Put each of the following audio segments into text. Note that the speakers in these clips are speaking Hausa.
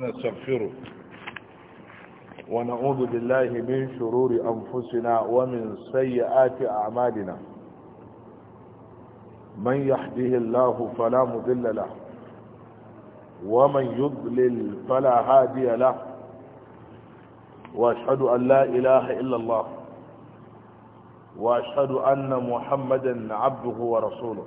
نستغفره ونعوذ بالله من شرور أنفسنا ومن سيئات أعمالنا من يحده الله فلا مذل له ومن يضلل فلا هادي له وأشهد أن لا إله إلا الله وأشهد أن محمدا عبده ورسوله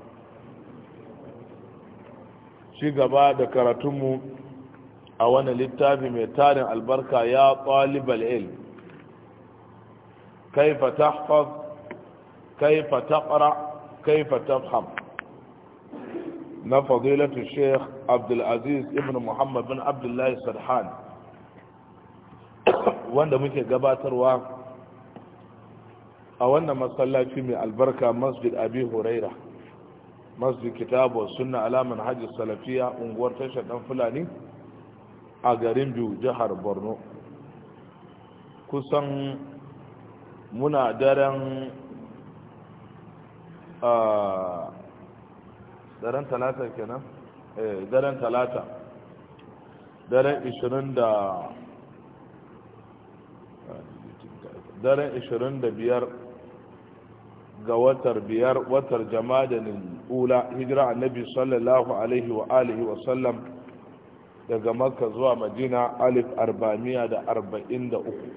ci gaba da karatunmu a wani littafi mai tarin albarka ya ƙwalibal il kaifa tahfaz kaifa taqra kaifa tafham na fadilatu sheikh abdulaziz ibn muhammad bin abdullahi sarhan wanda muke gabatarwa a wannan masallaci mai albarka masjid abi huraira masu kitabu wa sunna alaman hajji salafiya unguwar tashar dan fulani a garin biyu jihar borno kusan muna daren daren talata kenan eh, daren talata daren 20 da daren 25 ga watar biyar watar jamadanin ula hijira annabi sallallahu alaihi wa alihi wa sallam daga makka zuwa madina alif arba'amiya da arba'in da uku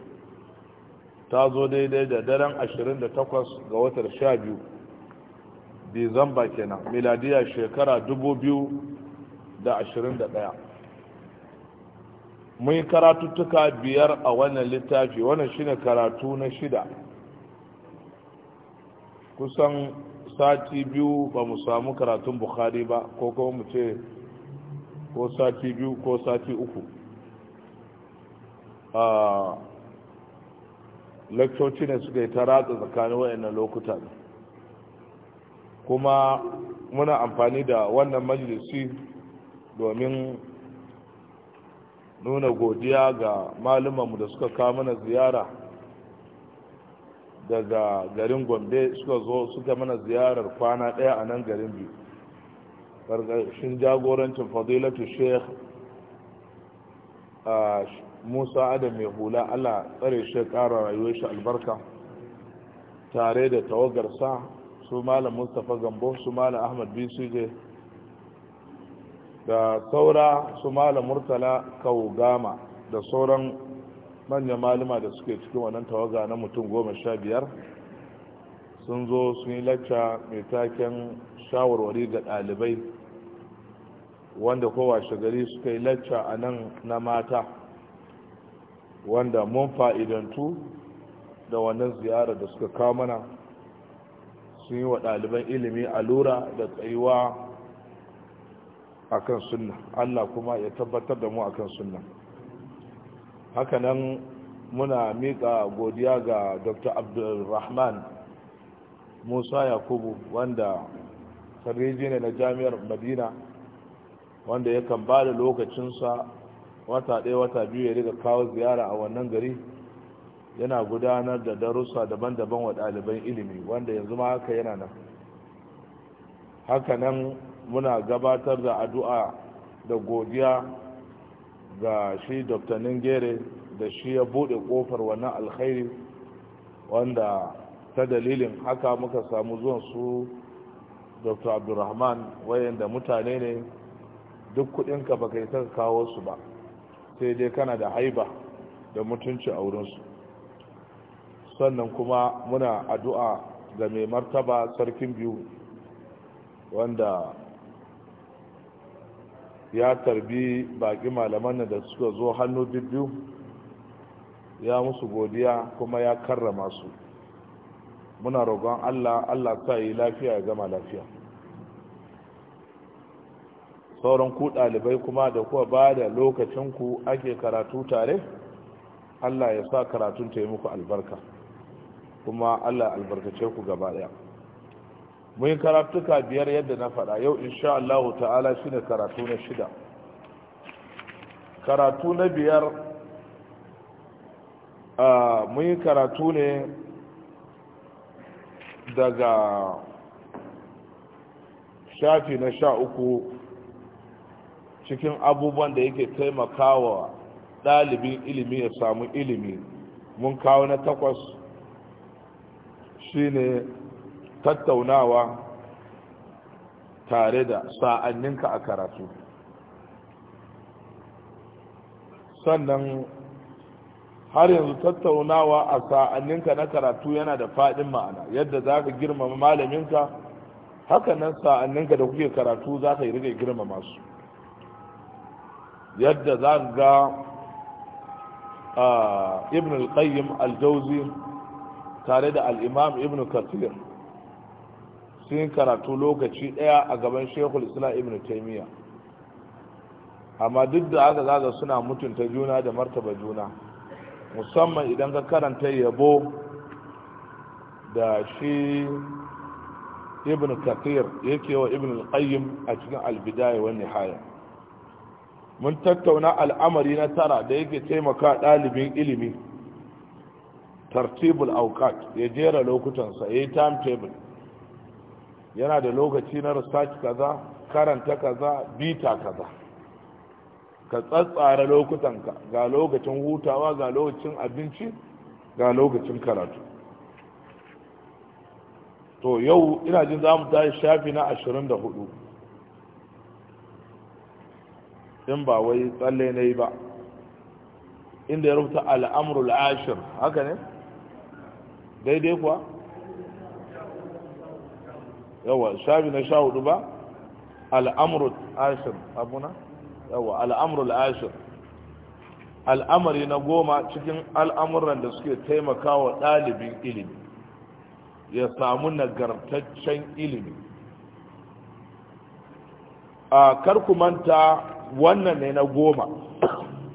ta zo daidai da daren ashirin da takwas ga watar sha biyu dizamba kenan miladiya shekara dubu biyu da ashirin da ɗaya mun yi karatuttuka biyar a wannan littafi wannan shine karatu na shida kusan sati biyu ba mu samu karatun bukhari ba ko kuma mu ce ko sati biyu ko sati uku a ne suka yi ta ratsa tsakanin wayannan lokuta kuma muna amfani da wannan majalisi domin nuna godiya ga malumanmu da suka kawo mana ziyara daga garin gombe suka zo suka mana ziyarar kwana ɗaya a nan garin biyu ƙarƙashin jagorancin fadilatu sheikh musa adam mai hula allah tsare shi ƙara rayuwar shi albarka tare da tawagarsa su malam mustapha gambo su malam ahmad bcj da saura su malam murtala kaugama da sauran manyan malama da suke cikin wannan tawaga na mutum goma sha biyar sun zo sun yi lacca mai taken shawarwari ga ɗalibai wanda kowa shagari suka yi lacca a nan na mata wanda mun fa'idantu da wannan ziyarar da suka kawo mana sun yi wa ɗaliban ilimi lura da tsayuwa kan sunna Allah kuma ya tabbatar da mu a kan sunna hakanan muna mika godiya ga dr abdulrahman musa yakubu wanda sarreji ne na jami'ar madina wanda ya kan ba da lokacinsa wata ɗaya wata biyu ya riga kawo ziyara a wannan gari yana gudanar da darussa daban-daban wa ɗaliban ilimi wanda yanzu ma haka yana nan hakanan muna gabatar da addu'a da godiya ga shi dr ningere da shi ya bude kofar wannan alkhairi wanda ta dalilin haka muka samu zuwan su dr abdurrahman wayanda mutane ne duk kudinka baka yi taka kawo su ba sai dai kana da haiba da mutunci a wurinsu sannan kuma muna addu'a ga mai martaba sarkin biyu wanda ya tarbi baki malaman da suka zo hannu biyu ya musu godiya kuma ya karrama su muna rogon allah allah ta yi lafiya ya gama lafiya sauran ku ɗalibai kuma da kuwa ba da lokacin ku ake karatu tare allah ya sa karatun ta yi muku albarka kuma allah albarkace ku gaba ɗaya mun karatuka biyar yadda na faɗa yau insha Allah ta'ala shine karatu na shida karatu na biyar mun yi karatu ne daga shafi na sha uku cikin abubuwan da yake taimakawa ɗalibin ilimi ya samu ilimi mun kawo na takwas shine tattaunawa tare da sa'anninka a karatu sannan har yanzu tattaunawa a sa'anninka na karatu yana da faɗin ma'ana yadda za ka girmama malaminka hakanan sa'anninka da kuke karatu za ka yi rike girmama su yadda za ka ga ah, ibn al-qayyim al-jauzi tare da al-imam ibn kathir sun yi karatu lokaci ɗaya a gaban shekul islam ibn taimiyya amma duk da aka zaga suna mutunta juna da martaba juna musamman idan ka karanta yabo da shi ibn kathir yake wa ibn al a cikin albidaya wa nihaya mun tattauna al'amari na tara da yake taimaka ɗalibin ilimi tartibul aukat ya jera lokutansa ya yi timetable yana da lokaci na research kaza karanta kaza bita kaza ka tsatsara lokutanka ga lokacin hutawa ga lokacin abinci ga lokacin karatu to yau ina jin za mu tashi shafi na ashirin da hudu in ba wai tsalle na yi ba inda ya rubuta al'amurul ashir haka ne daidai kuwa yawa shafi na sha hudu ba al'amru ashir abuna yawa al'amru ashir al'amari na goma cikin al'amuran da suke taimakawa ɗalibin ilimi ya samu nagartaccen ilimi a manta wannan ne na goma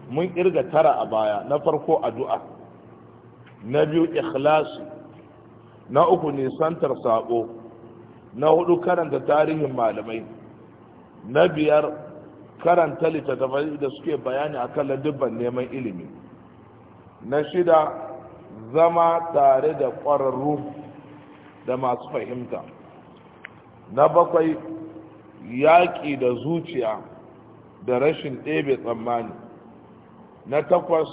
mun kirga tara a baya na farko addu'a na biyu ikhlasi na uku nisantar sabo na hudu karanta tarihin malamai na biyar karanta littattafai da suke bayani a akan ladubban neman ilimi na shida zama tare da ƙwararru da masu fahimta na bakwai yaƙi da zuciya da rashin ɗebe tsammani na takwas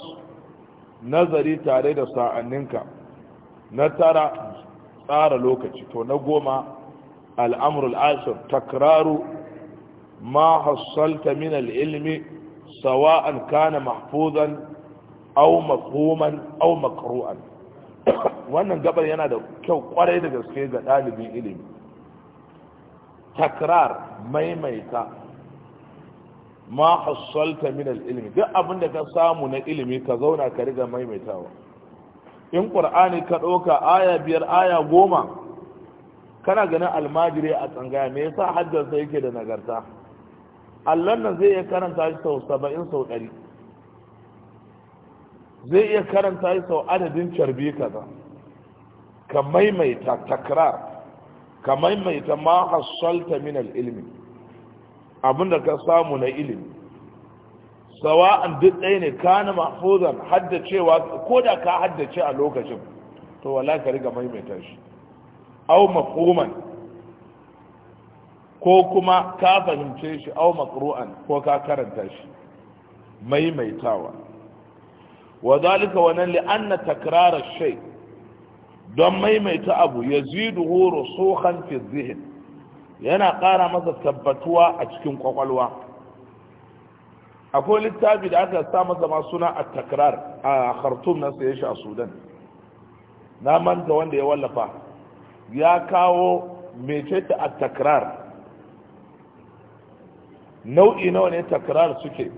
nazari tare da sa'anninka na tara tsara lokaci to na goma الأمر العاشر تكرار ما حصلت من العلم سواء كان محفوظا أو مفهوما أو مقروءا wannan gabar yana da kyau kwarai da gaske ga ɗalibin ilimi takrar maimaita ma hassalta min ilimi duk abinda ka samu na ilimi ka zauna ka riga maimaitawa in ƙur'ani ka ɗauka aya biyar aya goma kana ganin almajiri a tsangaya me yasa hajjarsa yake da nagarta allon nan zai iya karanta shi sau saba'in sau ɗari zai iya karanta shi sau adadin carbi kaza ka maimaita takrar ka maimaita ma hasalta min ilmi abinda ka samu na ilimi sawa'an duk ɗaya ne kana mahfuzan haddacewa ko da ka haddace a lokacin to wala ka riga maimaita shi au mafhuman ko kuma ka fahimce shi au maqru'an ko ka karanta shi maimaitawa wa zalika wa nan li'anna takrara shay don maimaita abu yaziduhu rusukhan fi dhihn yana ƙara masa tabbatuwa a cikin kwakwalwa akwai littafi da aka sa masa ma suna a takrar a khartoum na saye shi a sudan na manta wanda ya wallafa ya kawo mecece a takrar nau'i nawa ne takrar suke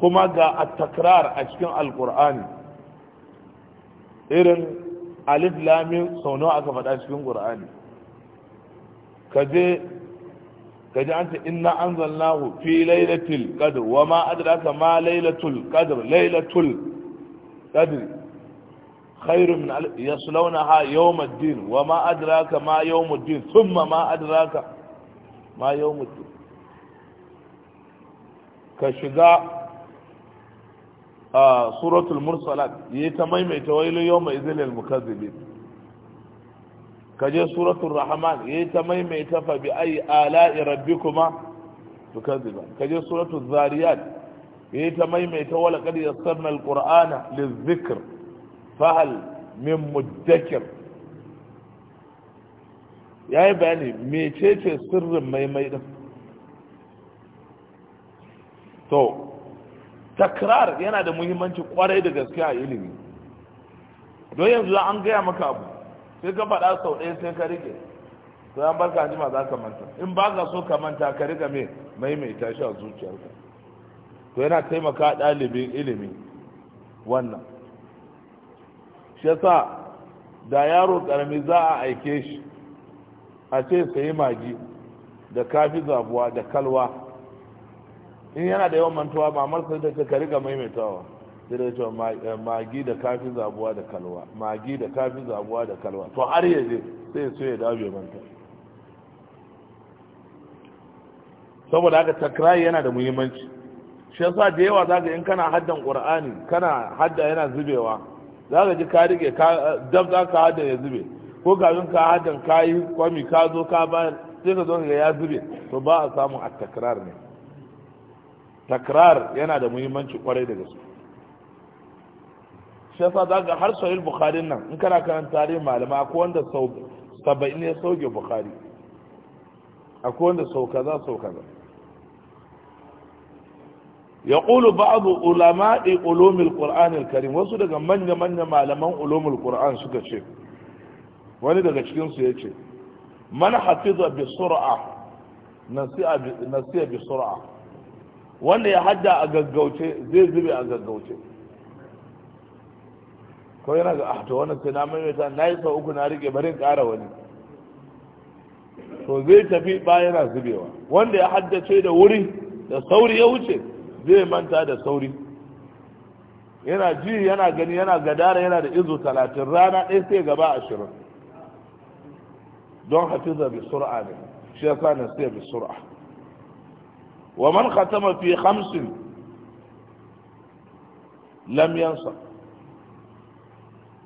kuma ga a takrar a cikin alkur'ani irin alif lamin sau nawa aka faɗa cikin ƙur'ani kaje kaje an ce inna anzalnahu fi lailatul qadr wa ma adraka ma lailatul qadr lailatul qadr خير من يصلونها يوم الدين وما أدراك ما يوم الدين ثم ما أدراك ما يوم الدين كشجاع آه سورة المرسلات يتميم يتويل يوم إذن المكذبين كجي سورة الرحمن يتميم يتفى بأي آلاء ربكما تكذبا كجي سورة الذاريات يتميم يتولى قد يسرنا القرآن للذكر fahal min mudakir ya yi bayani mecece sirrin maimai din to takrar yana da muhimmanci kwarai da gaske a ilimi don yanzu an gaya maka abu sai ka faɗa sau ɗaya sai ka rike to an barka jima za ka manta in ba ka so ka manta ka rika mai maimaita shi a zuciyarka to yana taimaka ɗalibin ilimi wannan shi yasa da yaro karami za a aike shi a ce sai magi da kafi zabuwa da kalwa in yana da yawan mantuwa mamar sai da ka ga maimaitawa sai da cewa eh, magi da kafi zabuwa da kalwa magi da kafi zabuwa da kalwa to har yaje sai so ya dawo bai manta saboda haka takrayi yana da muhimmanci shi yasa da yawa zaka in kana haddan qur'ani kana hadda yana zubewa za ka ji ka rike dab za ka hada ya zube ko kafin ka hada ka yi kwami ka zo ka ba sai ka zo ka ya zube to ba a samu a takrar ne takrar yana da muhimmanci kwarai da gaske shi yasa za har sahih bukhari nan in kana kan tarihin malama akwai wanda sau 70 ya sauke bukhari akwai wanda sau kaza sau kaza ya ƙulu ba'adu ulama'i ulumul qur'anil karim wasu daga manya-manya malaman ulumul qur'an suka ce wani daga cikinsu ya ce man hafiza bi sur'a nasiya bi sur'a wanda ya hadda a gaggauce zai zube a gaggauce ko yana ga ahto wannan sai na maimaita na yi sa uku na rike barin kara wani to zai tafi ba yana zubewa wanda ya haddace da wuri da sauri ya wuce zai manta da sauri yana ji yana gani yana gadara yana da izo talatin rana ɗaya sai gaba ashirin don hafiza bi sur'a ne shi ya sa sai bi sur'a wa man khatama fi khamsin lam yansa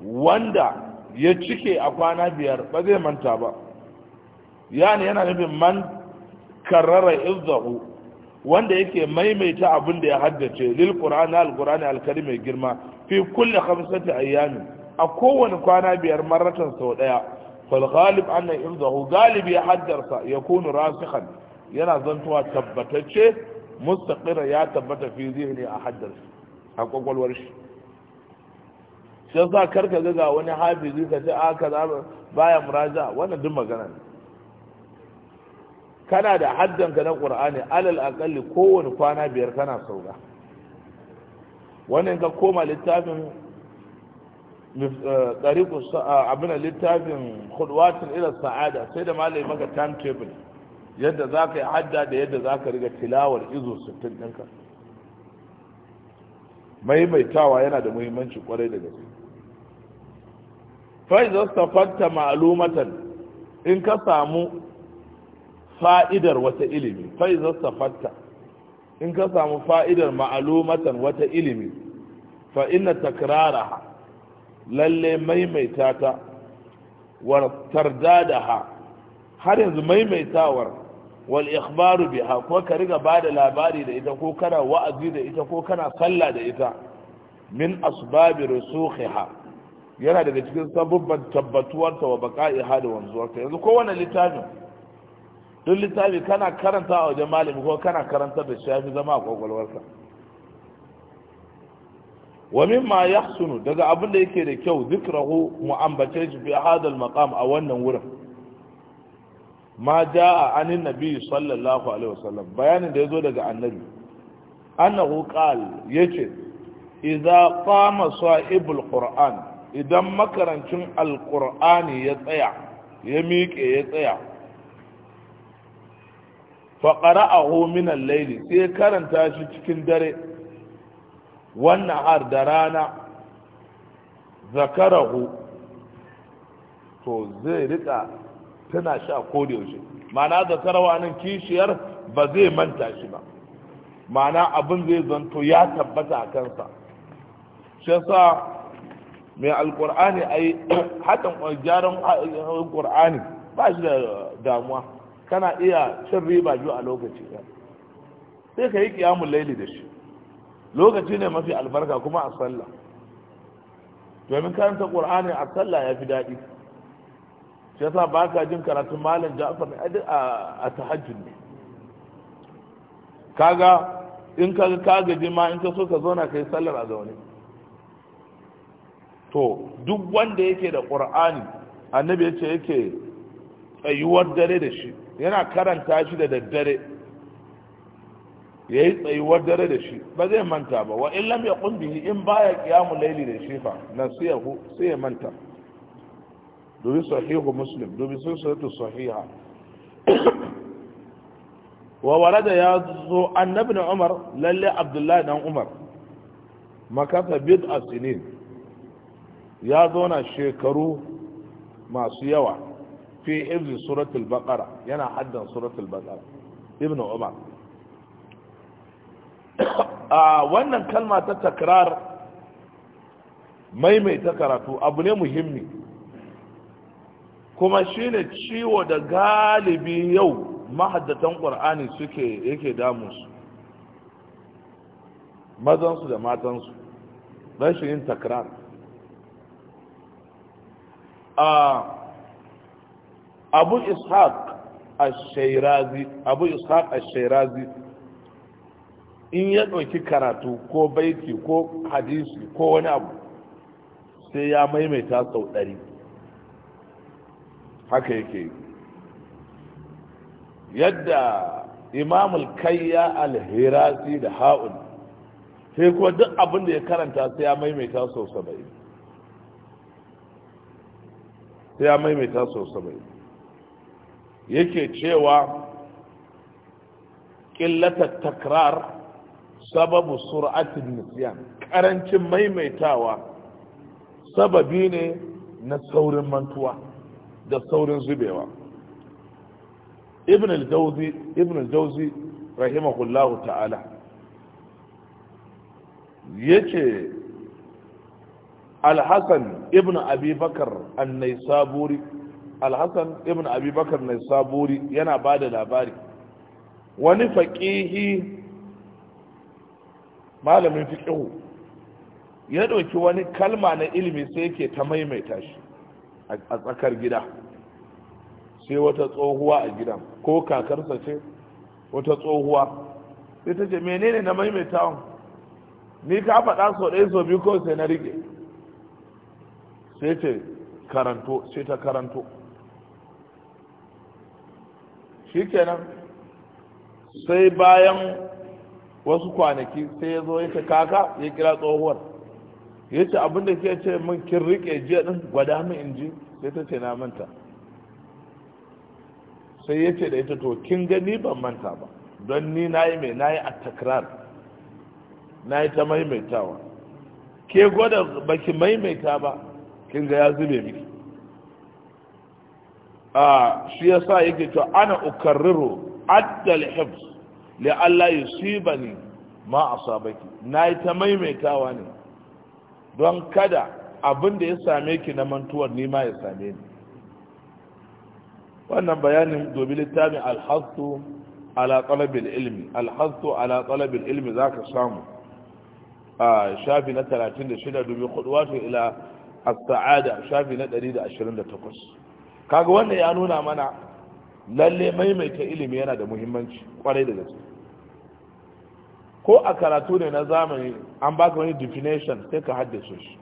wanda ya cike a kwana biyar ba zai manta ba yani yana nufin man karrara izzahu wanda yake maimaita abin da ya haddace lil qur'ani al qur'ani al karim mai girma fi kulli khamsati ayyami a kowane kwana biyar marratan sau daya fal ghalib anna imzahu galibi haddarsa yakunu rasikhan yana zantuwa tabbatacce mustaqira ya tabbata fi zihni a haddarsa a kwakwalwar shi sai kar karka ga wani hafizi ka ce a ah, kaza baya muraja wannan duk magana ne kana da haddanka na qur'ani alal aqalli kowane kwana biyar kana sauka wannan ka koma littafin ɗariku eh, eh, abin littafin hudwatin ila sa'ada sai da malai maka timetable yadda za ka yi hadda da yadda za ka riga tilawar izo 60 ɗinka maimaitawa yana da muhimmanci kwarai da gaske faizar safarta ma'alumatan in ka samu fa'idar wata ilimi faizar safatta in ka samu fa'idar ma'alumatan wata ilimi fa ina lallai lalle maimaita ta wartar da ha har yanzu maimaitawar wal ikhbaru biha ko ka riga ba da labari da ita ko kana wa'azi da ita ko kana sallah da ita min asbabi rusukhiha yana daga cikin sabubban tabbatuwarta wa baqa'iha da wanzuwarta yanzu kowane littafin duk littafi kana karanta a wajen malami ko kana karanta da shafi zama a kwakwalwarsa wa mimma sunu daga abin da yake da kyau zikrahu mu ambace shi fi hadal maqam a wannan wurin ma a anin nabi sallallahu alaihi wasallam bayanin da ya zo daga annabi annahu qal yace idza qama sa'ibul qur'an idan makarancin alqur'ani ya tsaya ya miƙe ya tsaya Faƙara a من الليل sai karanta shi cikin dare wannan har da rana zakarahu to zai rika tana sha koda yaushe ma'ana zakarawa nan kishiyar ba zai manta shi ba ma'ana abin zai zanto ya tabbata a kansa shi yasa mai alkur'ani ai hakan gyaran alkur'ani ba shi da damuwa kana iya cin riba biyu a lokaci ɗaya sai ka yi kiyamun laili da shi lokaci ne mafi albarka kuma a sallah domin karanta ƙur'ani a sallah ya fi daɗi shi yasa ba ka jin karatun malam ja'far ne a tahajjud ne kaga in ka ka gaji ma in ka so ka zauna kai sallar a zaune to duk wanda yake da ƙur'ani annabi ya ce yake tsayuwar dare da shi yana karanta shi da daddare ya yi tsayuwar dare da shi ba zai manta ba wa in lam ya bihi in baya kiyamu laili da shi fa na siyahu sai ya manta dubi sahihu muslim dubi sun sanatu sahiha wa warada ya zo annabi na umar lalle abdullahi dan umar makasa bid asinin ya zo na shekaru masu yawa fi a wannan kalma ta takrar maimaita karatu abu ne muhimmi kuma shine ciwo da galibi yau mahaddatan qur'ani suke yake damunsu mazansu da matansu rashin yin takrar ah, abu ishaq ash-shairazi abu ishaq ash-shairazi in ya ɗauki karatu ko baiti ko hadisi ko wani abu sai ya maimaita sau ɗari haka yake yadda imamul kayya al-hirazi da ha'un sai ko duk abin da ya karanta sai ya maimaita sau saba'in sai ya maimaita sau saba'in yake cewa ƙillata takrar sababu sur'atin nisiyan ƙarancin maimaitawa sababi ne na saurin mantuwa da saurin zubewa ibn al-jawzi ibn al rahimahullahu ta'ala yake al-hasan ibn abi bakar an-naisaburi alhassan ibn abubakar mai saburi yana ba da labari wani faƙihi malamin fiƙihu ya ɗauki wani kalma na ilimi sai yake ta maimaita shi a tsakar gida sai wata tsohuwa a gidan ko kakarsa ce wata tsohuwa sai ta ce menene na maimaitawan ni ka faɗa sau ɗaya sau biyu kawai sai na rike sai ce karanto sai ta karanto shikenan sai bayan wasu kwanaki sai ya zo ya ce kaka ya kira tsohuwar ya ce abin ke ce min kin rike jiya din gwada min in ji sai ta ce na manta sai ya ce da ita to kin gani ban manta ba don ni na yi mai na yi a takrar na yi ta maimaitawa ke gwada baki maimaita ba kin ga ya zube miki a shi yasa yake to ana ukarriru addal hifz li Allah yusibani ma asabaki yi ta maimaitawa ne don kada abin da ya same ki na mantuwar ni ma ya same ni wannan bayanin domin littafin alhastu ala talabil ilmi alhastu ala talabil ilmi zaka samu a shafi na 36 domin wato ila as-sa'ada shafi na 128 kaga wannan ya nuna mana lalle maimaita ilimi yana da muhimmanci kwarai da gaske ko a karatu ne na zamani an baka wani definition sai ka haddace shi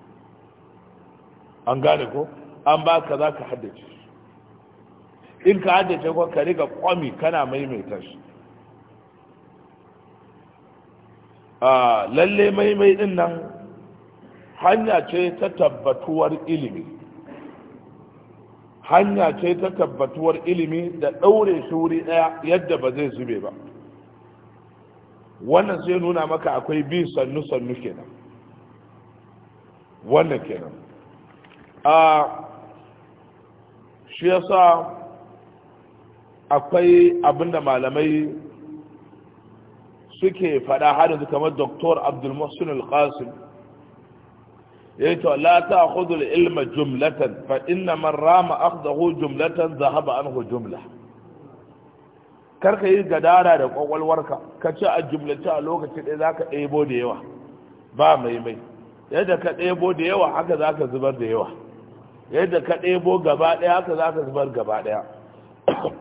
an gane ko an baka za ka haddace shi in ka haddace ko ka riga kwami kana maimaita shi lalle maimai din nan hanya ce ta tabbatuwar ilimi hanya ce ta tabbatuwar ilimi da ɗaure shi wuri ɗaya yadda ba zai zube ba wannan sai nuna maka akwai bi sannu-sannu kenan wannan kenan a shi yasa akwai abinda malamai suke faɗa har yanzu kamar Dr. abdulmasin al-qasim ya ce la ta khudul ilma jumlatan fa inna man rama akhdahu jumlatan zahaba anhu jumla ka yi gadara da kwakwalwarka ka ci a jumlace a lokaci ɗaya za ka ɗebo da yawa ba mai mai yadda ka ɗebo da yawa haka za ka zubar da yawa yadda ka ɗebo gaba ɗaya haka za ka zubar gaba ɗaya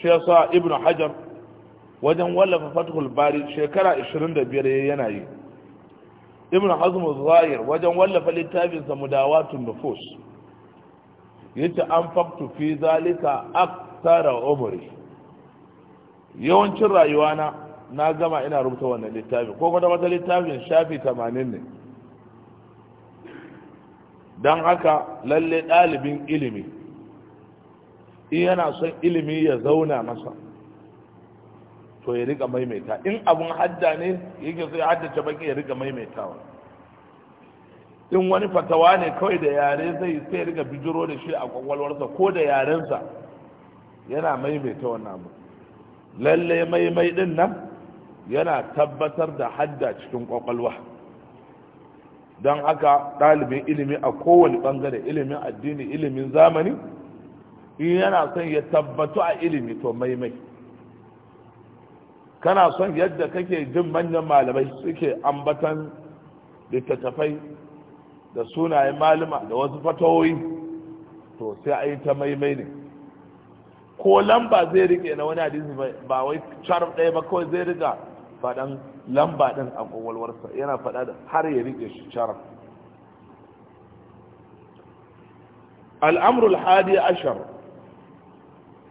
shi ya ibn hajar wajen wallafa fatihul bari shekara 25 yana yi ibn hazm zahir wajen wallafa littafin sa mudawatun nufus yace an faktu fi zalika aktara umri yawancin rayuwana na gama ina rubuta wannan littafin ko kuma wata littafin shafi 80 ne don haka lalle ɗalibin ilimi in yana son ilimi ya zauna masa to ya rika maimaita in abun hadda ne yake sai haddace baki ya rika maimaitawa in wani fatawa ne kawai da yare zai sai ya rika bijiro da shi a kwakwalwarsa ko da yarensa yana maimaita wannan abu lalle maimai din nan yana tabbatar da hadda cikin kwakwalwa don haka ɗalibin ilimi a kowane ɓangare ilimin addini ilimin zamani in yana son ya tabbatu a ilimi to maimai kana son yadda kake jin manyan malamai suke ambatan littattafai da sunayen malama da wasu fatawoyi to sai a yi ta maimai ne ko lamba zai rike na wani hadisi ba wai charm ɗaya ba kawai zai riga faɗan lamba ɗin a ƙwaƙwalwarsa yana faɗa da har ya rike shi charm al'amrul hadi ashar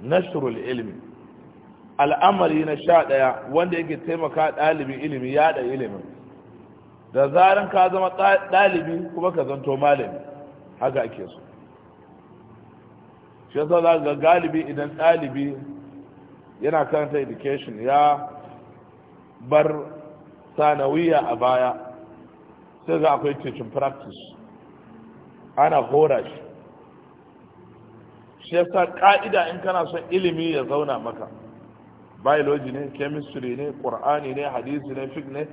nashrul ilmi al'amari na sha ɗaya wanda yake taimaka ɗalibi ilimi yada ilimin da zaran ka zama ɗalibi kuma ka zanto malami haka ake so shi yasa za ga galibi idan ɗalibi yana karanta education ya bar sanawiya a baya sai ga akwai teaching practice ana hora shi shi yasa ka'ida in kana son ilimi ya zauna maka biology ne chemistry ne qur'ani ne hadisi ne fiqh ne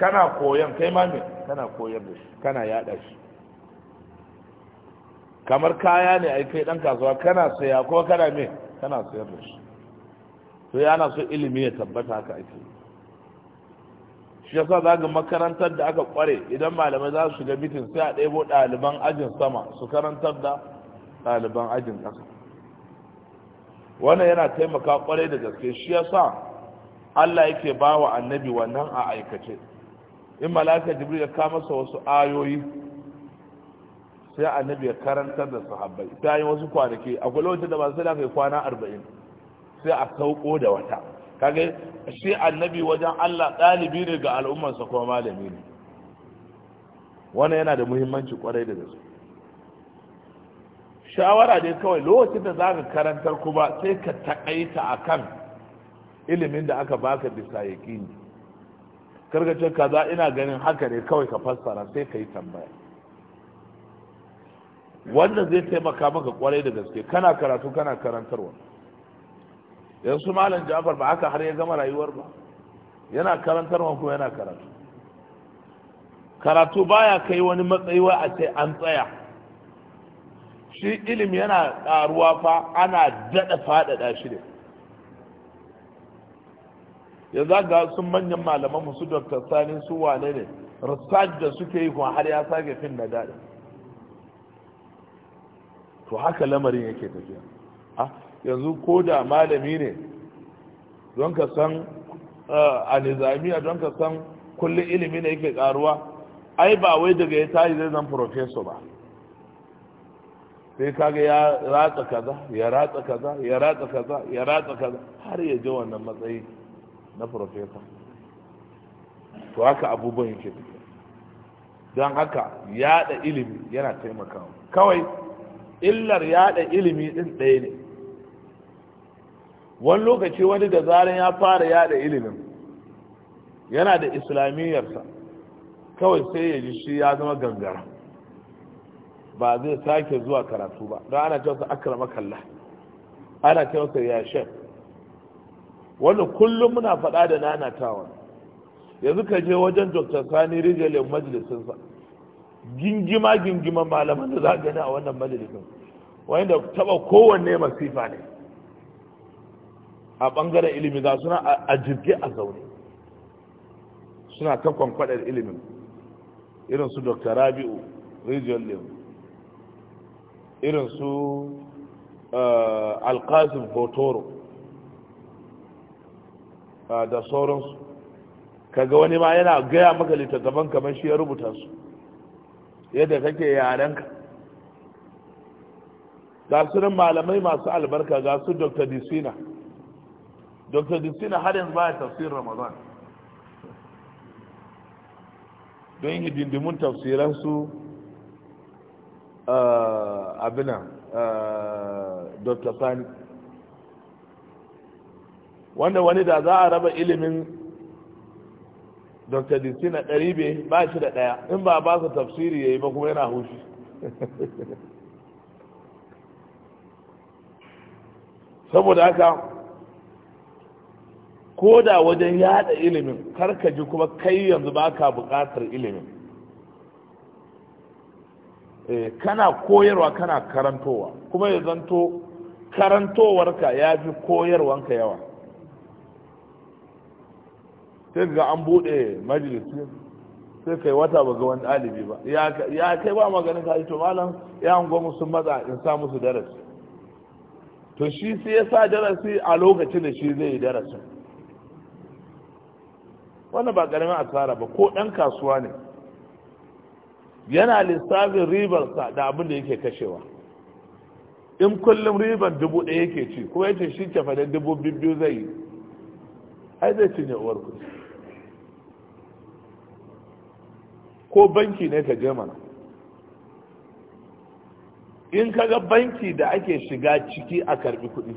kana koyan kai ma me kana koyar da shi kana yada shi kamar kaya ne ai kai dan kasuwa kana saya ko kana me kana sayar da shi to yana so ilimi ya tabbata haka ake shi yasa za ga makarantar da aka kware idan malamai za su shiga bitin sai a ɗebo ɗaliban ajin sama su karantar da ɗaliban ajin ƙasa wannan yana taimaka kwarai da gaske shi yasa Allah yake bawa annabi wannan a aikace in malaka jibril ya kama masa wasu ayoyi sai annabi ya karantar da sahabbai ta yi wasu kwanaki a lokacin da ba su da kwana arba'in sai a sauko da wata kage shi annabi wajen Allah ɗalibi ne ga al'ummarsa kuma malami ne wannan yana da muhimmanci kwarai da gaske shawara dai kawai lokacin da za ka karantar kuma sai ka taƙaita a kan ilimin da aka baka bisa yaƙini karkacin kaza ina ganin haka ne kawai ka fassara sai ka yi tambaya wannan zai taimaka maka kwarai da gaske kana karatu kana karantarwa yanzu malam jafar ba haka har ya gama rayuwar ba yana karantarwa kuma yana karatu karatu baya kai wani matsayi a ce an tsaya shi ilimi yana ƙaruwa fa ana daɗa faɗaɗa shi ne ya zaga sun manyan malaman musu dr sani su wane ne research da suke yi kuma har ya sake fin na to haka lamarin yake tafiya a ah, yanzu ko da malami ne don ka san eh, a nizamiya don ka san kullum ilimi ne yake karuwa ai ba wai daga ya tashi zai zan professor ba sai kaga ya ratsa kaza ya ratsa kaza ya ratsa kaza ya ratsa kaza har ya je wannan matsayi na profesa to haka abubuwan yake don haka yada ilimi yana taimakawa kawai illar yada ilimi din ɗaya ne wani lokaci wani da zaren ya fara yada ilimin yana da islamiyyarsa kawai sai ya ji shi ya zama gangara ba zai sake zuwa karatu ba don ana cewa akara makalla ana cewa ya shek wannan kullum muna faɗa da nanatawa yanzu ka je wajen dr sani majalisin sa gingima gingima malaman da za a gani a wannan majalisin da taba kowanne masifa ne a bangaren ilimi za suna a jirge a zaune suna ta kwankwadar ilimin irin su dr rabi'u rijiyar lemu irin su eh, alkazin botoro eh, da sauransu kaga wani ma yana gaya maka littattafan kamar shi ya rubuta su yadda kake yarenka ga su malamai masu albarka ga su dr disina dr disina har yanzu baya tafsirin ramadan don yi dindimin tafsiransu Eh, abinan eh, dr sani wanda wani da za a raba ilimin dr disina ɗari be ba shi da ɗaya in ba ba su tafsiri ya yi ba kuma yana hushi saboda haka ko da wajen yada ilimin karka ji kuma kai yanzu ba ka bukatar ilimin Eh, kana koyarwa kana karantowa kuma ya zanto karantowarka ya fi koyarwanka yawa sai ga an buɗe majalisi sai kai wata ba ga wani ɗalibi ba ya kai ba maganin ka to malam ya gwamu sun matsa in sa musu darasi to shi sai ya sa darasi a lokacin da shi zai yi darasin wannan ba ƙaramin asara ba ko ɗan kasuwa ne yana lissafin ribarsa da abin da yake kashewa in kullum ribar dubu ɗaya yake ci kuma yace shi ke fadin dubu biyu zai yi ai zai ci ne uwar kuɗi ko banki ne ka je mana in kaga banki da ake shiga ciki a karbi kuɗi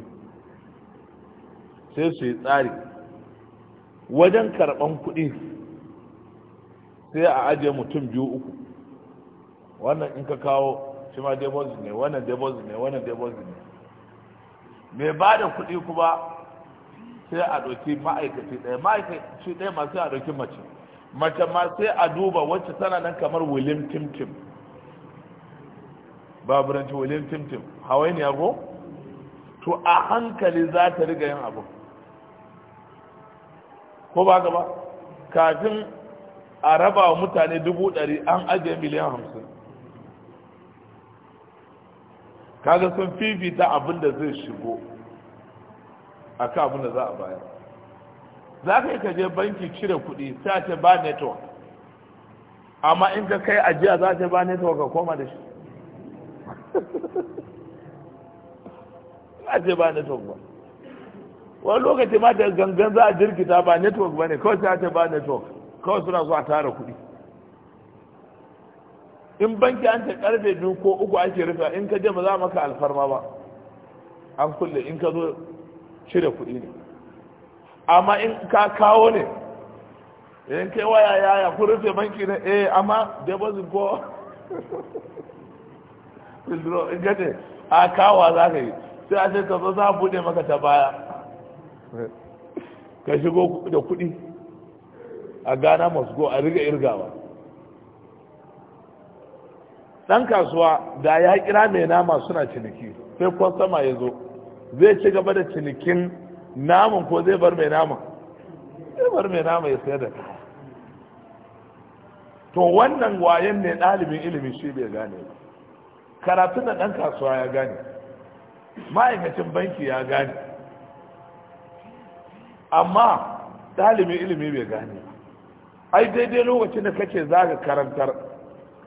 sai su yi tsari wajen karɓan kuɗi sai a ajiye mutum biyu uku wannan in ka kawo shi ma deposit ne wannan deposit ne wannan deposit ne mai ba da kuɗi kuma sai a ɗauki ma'aikaci ɗaya ma'aikaci ɗaya ma sai a ɗauki mace mace ma sai a duba wacce tana nan kamar william timtim baburanci william timtim hawaii ne ko to a hankali za ta riga yin abu ko ba gaba kafin a raba wa mutane dubu ɗari an ajiye miliyan hamsin kaga sun fifita abin da zai shigo a ka abin da za a bayar za ka yi kaje banki cire kuɗi sai a ce ba network amma in ka kai ajiya za a ce ba network ka koma da shi a ce ba network ba wani lokaci ma da gangan za a jirgita ba network ba ne kawai sai a ce ba network kawai suna zuwa tara kuɗi in banki an ta karfe biyu ko uku ake rufe in ka je ba za maka alfarma ba an kulle in ka zo cire kuɗi ne amma in ka kawo ne in kai waya yaya ku rufe banki na, eh amma deposit ko withdraw in ka ce a kawa za ka yi sai a ce ka zo za a buɗe maka ta baya ka shigo da kuɗi a gana musgo, go a riga irgawa dan kasuwa da ya kira mai nama suna ciniki sai sama ya zo zai ci gaba da cinikin naman ko zai bar mai nama zai bar mai nama ya sayar da kaya to wannan wayan ne ɗalibin ilimi shi bai gane ba karatun da ɗan kasuwa ya gane ma'aikacin banki ya gane amma ɗalibin ilimi bai gane ai daidai lokacin da kake zaga karantar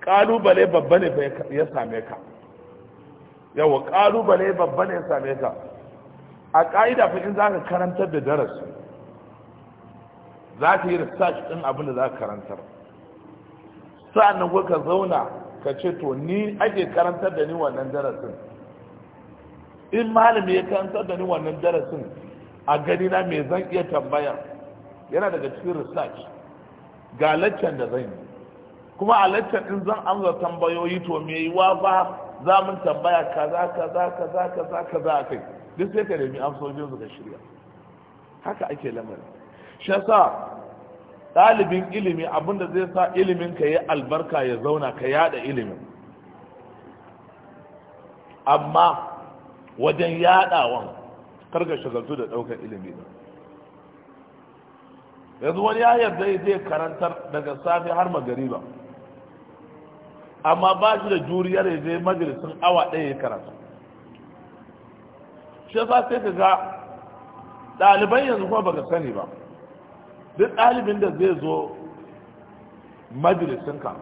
kalubale babba ne ya same ka yawa kalubale babba ne ya same ka a ƙa'ida fi in za ka karantar da darasi za ka yi research ɗin abin da za ka karantar sa'annan ko ka zauna ka ce to ni ake karantar da ni wannan darasin in malami ya karantar da ni wannan darasin a gani na me zan iya tambaya yana daga cikin research ga laccan da zan yi kuma a lecture din zan amsa tambayoyi to me yiwa ba za mun tambaya kaza kaza kaza kaza kaza a kai duk sai ka nemi amsojin su ka shirya haka ake lamarin shi yasa ɗalibin ilimi abinda zai sa ilimin ka yi albarka ya zauna ka yada ilimin amma wajen yadawan karka shagaltu da ɗaukar ilimi ba yanzu wani ya yarda zai karantar daga safe har magariba amma ba shi da juriyar ya je majalisun awa ɗaya ya karatu shi yasa sai ka ga ɗaliban yanzu kuma baka sani ba duk ɗalibin da zai zo majalisunka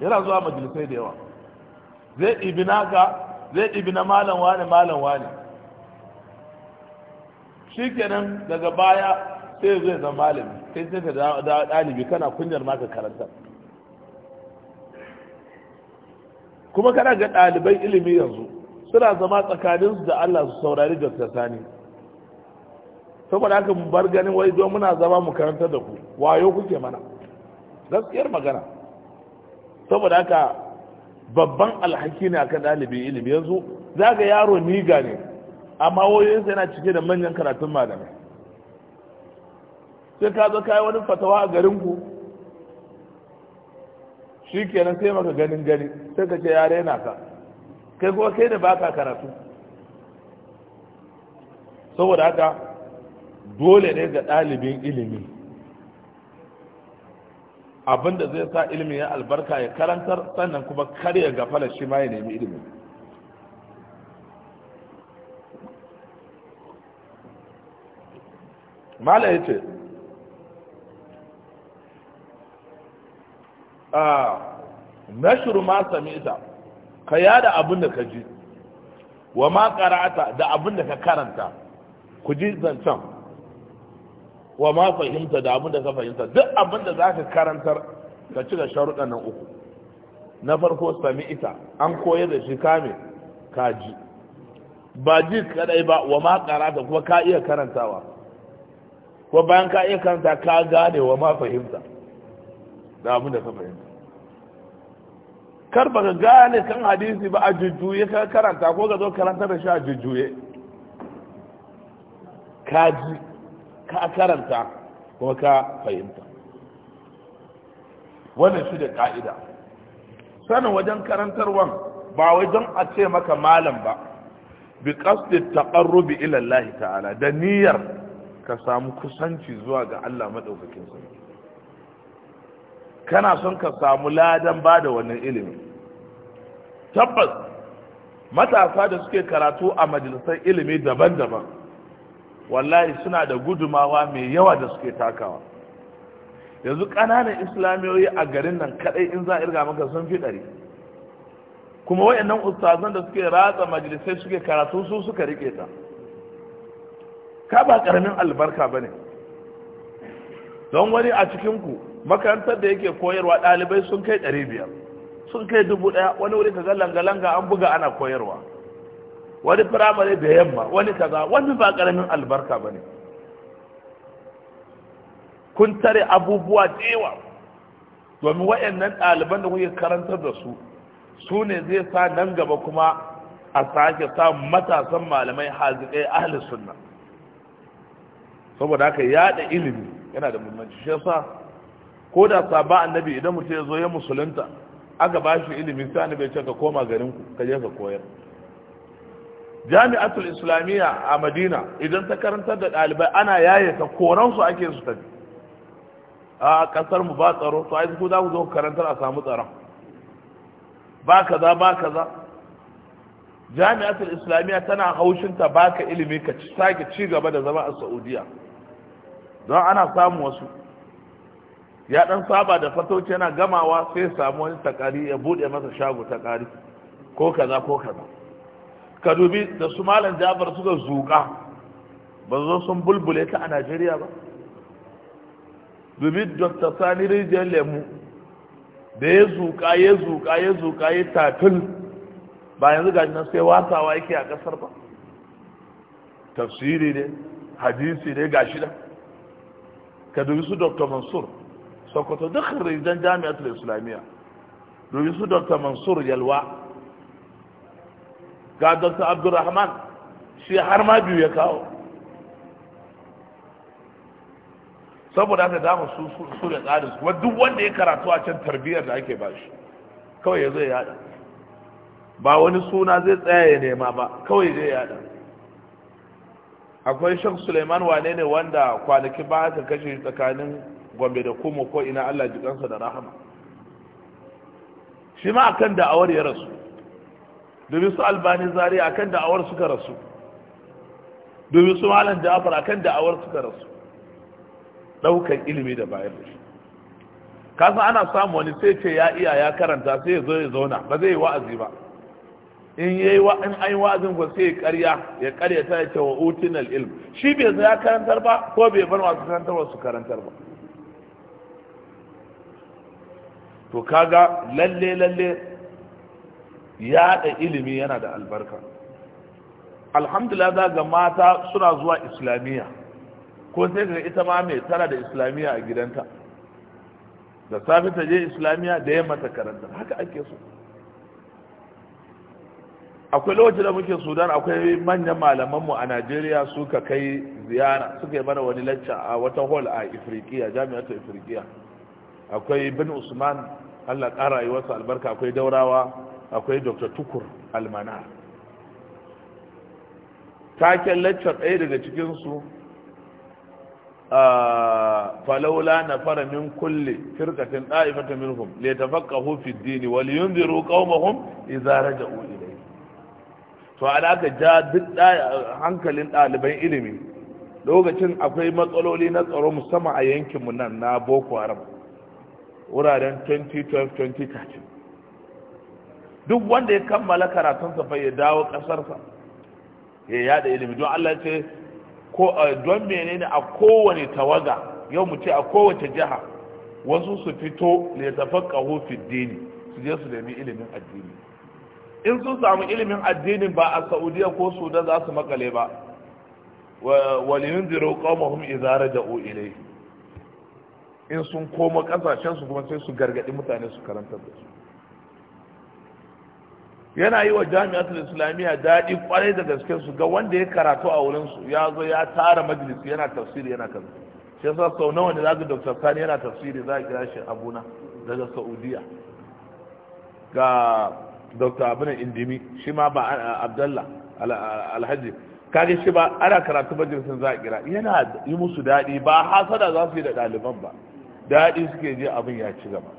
yana zuwa majalisai da yawa zai ibi naka zai ibi na malam wani malam wani shi kenan daga baya sai zai zama malami sai sai ka ɗalibi kana kunyar maka karanta kuma kana ga ɗalibai ilimi yanzu suna zama tsakaninsu da Allah su saurari da Sani. saboda haka mu bar ganin wai don muna zama mu karanta da ku wayo kuke mana gaskiyar magana saboda haka babban alhaki ne akan ɗalibi ilimi yanzu za ga yaro niga ne amma wayoyinsa yana cike da manyan karatun malamai sai ka zo ka yi wani fatawa a garin ku. shi kenan sai maka ganin gani sai ka ce yare na ka kai kuma kai ne ba ka karatu saboda haka dole ne ga ɗalibin ilimi abinda zai sa ilimin ya albarka ya karantar sannan kuma karya ga gafala shi ma ya nemi ilimi mala ce nashru ma ta ka yada abin da ka ji wa ma karata da abin da ka karanta ku ji zancen wa ma fahimta da abin da ka fahimta duk abin da za ka karantar ka ci da sharuɗan nan uku na farko sami'ta an koyar da shi kame ka ji ba ji kadai ba wa ma karata kuma ka iya karantawa ko bayan ka iya karanta ka gane wa ma fahimta da abin da ka fahimta kar ba ka gane kan hadisi ba a jujjuye ka karanta ko ka zo karanta da shi a jujjuye ka ji ka karanta ko ka fahimta wannan shi da ka'ida sanin wajen karantarwan ba wajen a ce maka malam ba bi qasdi taqarrubi ila Allah ta'ala da niyyar ka samu kusanci zuwa ga Allah madaukakin sarki kana son ka samu ladan ba da wannan ilimi. tabbas matasa da suke karatu a majalisar ilimi daban-daban wallahi suna da gudumawa mai yawa da suke takawa yanzu ƙananan islamiyoyi a garin nan kaɗai in za a irga maka sun fi ɗari kuma wayannan ustazan da suke ratsa majalisai suke karatu su suka riƙe ta ka ba ƙaramin albarka ba ne don wani a cikinku makarantar da yake koyarwa ɗalibai sun kai ɗari biyar sun kai dubu ɗaya wani wuri ka langa-langa an buga ana koyarwa wani firamare da yamma wani kaza wani ba ƙaramin albarka ba ne kun tare abubuwa da domin waɗannan ɗaliban da kuke karantar da su su ne zai sa nan gaba kuma a sake samun matasan malamai haziƙai ahli sunna saboda haka yaɗa ilimi yana da muhimmanci shi yasa ko da saba annabi idan mutum ya zo ya musulunta aka ba shi ilimin sai annabi ya ce ka koma garin ku ka je ka koyar jami'atul islamiyya a madina idan ta karantar da ɗalibai ana yaye ta koran su ake su tafi a kasar mu ba tsaro to ai ku za ku zo karantar a samu tsaron ba kaza ba kaza jami'atul islamiyya tana haushin ta baka ilimi ka ci sake ci gaba da zama a saudiya don ana samu wasu ya dan saba da fatoci yana gamawa sai samu wani takari ya bude masa shago takari ko kaza ko kaza ka dubi da su malam jabar suka zuka ba zo sun bulbule ta a najeriya ba dubi dr sani rijiyar lemu da ya zuka ya zuka ya zuka ya tatil ba yanzu gashi nan sai wasawa yake a kasar ba tafsiri ne hadisi ne gashi da ka dubi su dr mansur sokoto duk rijan jami'atul islamiyya domin su dr mansur yalwa ga dr abdurrahman shi har ma biyu ya kawo saboda haka dama su su da tsarin kuma duk wanda ya karatu a can tarbiyyar da ake bashi kawai ya zai yada ba wani suna zai tsaya ya nema ba kawai zai yada akwai shan suleiman wane ne wanda kwanaki ba haka kashe tsakanin gombe da kuma ko ina Allah jikansa da rahama shi ma akan da'awar ya rasu domin su albani zari akan da'awar suka rasu domin su malam ja'far akan da'awar suka rasu daukan ilimi da bayar da shi Kasa ana samu wani sai ce ya iya ya karanta sai ya zo ya zauna ba zai yi wa'azi ba in yayi wa in ayi wa'azin ko sai ya ƙarya ya ƙaryata ya ce wa utinal ilm shi bai ya karantar ba ko bai bar masu karantar ba su karantar ba to kaga lalle lalle yaɗa ilimi yana da albarka alhamdulillah za ga mata suna zuwa islamiyya ko sai ga ita ma mai tana da islamiyya a gidanta da safi ta je islamiyya da yamma ta karanta haka ake so akwai lokacin da muke sudan akwai manyan malamanmu a najeriya suka kai ziyara suka yi mana wani lacca a wata hall a ifirkiya jami'ar ta ifirkiya akwai bin usman allah ƙara yi wasu albarka akwai daurawa akwai dr tukur almana taken laccar ɗaya daga cikinsu falaula na fara min kulle firkatin ɗa'ifata minhum le tafaqahu fi dini wal yunziru qaumahum idza uli ilayhi to alaka ja duk hankalin ɗaliban ilimi lokacin akwai matsaloli na tsaro musamman a yankinmu nan na boko haram wuraren 2012-2013 duk wanda ya kammala karatun safa ya dawo ƙasarsa ya yada ilimi don Allah ce eh, don menene a kowane tawaga yau mu ce a kowace jiha wasu su fito ne tafakkahu fi dini su je su nemi ilimin addini in sun samu ilimin addini ba a saudiya ko sudan za su makale ba wa liyunziru qaumahum izara raja'u ilayhi in sun koma kasashensu kuma sai su gargadi mutane su karantar da su yana yi wa jami'atul islamiyya daɗi kwarai da gaske su ga wanda ya karatu a wurin su ya zo ya tara majalisi yana tafsiri yana kaza shi yasa sau nawa ne zaka dr sani yana tafsiri za a kira shi abuna daga saudiya ga dr abuna indimi shi ma ba abdallah alhaji kage shi ba ana karatu majalisin za a kira yana yi musu daɗi ba hasada za su yi da ɗaliban ba daɗi suke je abin ya ci gaba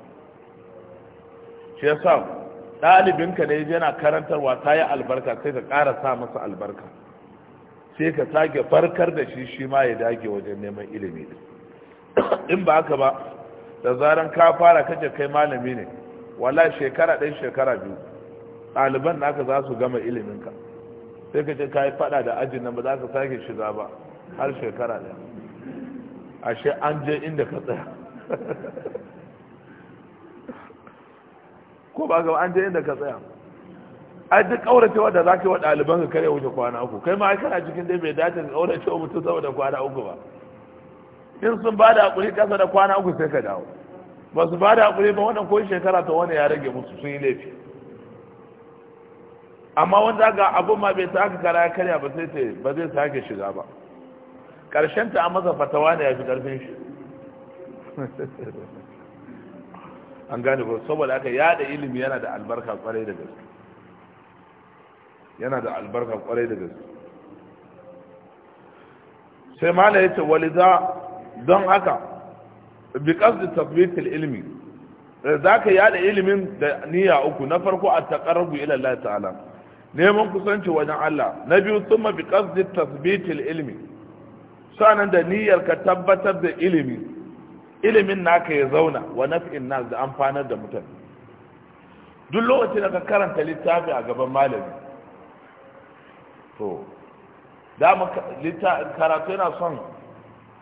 shi ya sa ɗalibinka ne yana karantarwa ta yi albarka sai ka ƙara sa masa albarka sai ka sake farkar da shi shi ma ya dage wajen neman ilimi in ba haka ba da zaran ka fara kake kai malami ne wala shekara ɗaya shekara biyu ɗaliban naka za su gama iliminka sai ka ce ka yi faɗa da ajin nan ba za ka sake shiga ba har shekara ɗaya ashe an je inda ka tsaya ko ba ga an je inda ka tsaya ai duk kauracewa da zaka yi wa ɗaliban ka kare wuce kwana uku kai ma kana cikin dai bai dace ka kauracewa mutum saboda kwana uku ba in sun ba da hakuri kasa da kwana uku sai ka dawo ba su ba da hakuri ba wannan ko shekara ta wani ya rage musu sun yi laifi amma wanda ga abun ma bai saka kara ya karya ba sai ba zai sake shiga ba karshen ta a masa fatawa ne ya fi karfin shi an gane ko saboda aka yada ilimi yana da albarka kwarai da gaske yana da albarka kwarai da gaske sai mala ya ce waliza don haka bi qasdi tathbit ilmi za ka yada ilimin da niyya uku na farko a taqarrubu ila Allah ta'ala neman kusanci wajen Allah na biyu thumma bi qasdi tathbit ilmi sanan da niyyar ka tabbatar da ilimi ilimin naka ya zauna wa naf'in nas da amfanar da mutane duk lokacin da ka karanta littafi a gaban malami to dama karatu yana son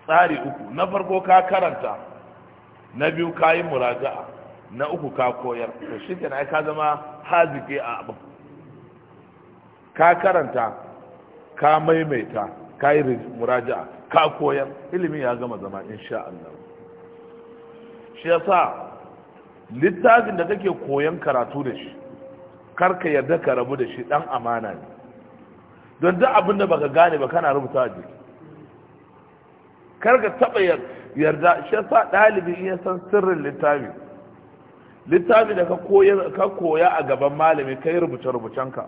tsari uku na farko ka karanta na biyu ka yi muraja'a na uku ka koyar to shi ke ka zama hazike a abu ka karanta ka maimaita ka yi muraja'a ka koyar ilimin ya gama zama insha Allah shi ya sa littafin da kake koyon karatu da shi karka yarda ka rabu da shi dan amana ne don duk abin da baka gane ba kana rubuta a jiki karka taba yarda shi ya ɗalibi in iya san sirrin littafi littafi da ka koya a gaban malami kai rubuce rubucenka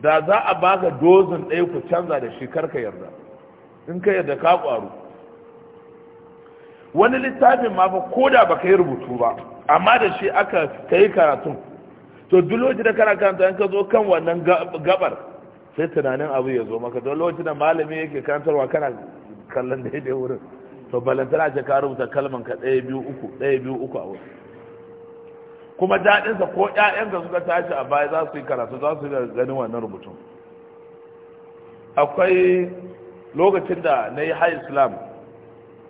da za a baka dozin ɗaya ku canza da shi karka yarda in ka yarda ka ƙwaro wani littafin ma fa ko da baka yi rubutu ba amma da shi aka yi karatun to duk lokacin da kana karanta in ka zo kan wannan gabar sai tunanin abu ya zo maka don lokacin da malami yake karantarwa kana kallon daidai wurin to balantana ce ka rubuta kalman ka ɗaya biyu uku ɗaya biyu uku a wurin kuma daɗinsa ko ƴaƴanka suka tashi a baya za su yi karatu za su yi ganin wannan rubutun akwai lokacin da na yi high islam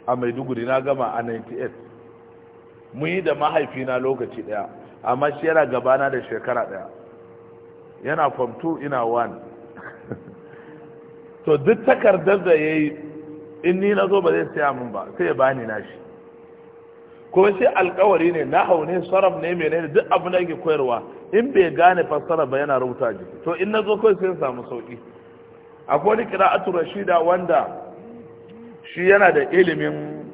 a maiduguri na gama a 98 mun yi da mahaifina lokaci daya amma shi yana gabana da shekara daya yana form 2 ina 1 to duk takardar da ya yi in ni na zo ba zai saya min ba sai ya bani na shi kuma sai alkawari ne na hau ne sarraf ne mai ne duk abu na yake koyarwa in bai gane fassara ba yana rubuta jiki to in na zo kawai sai samu sauki akwai wani kira'atu rashida wanda shi yana da ilimin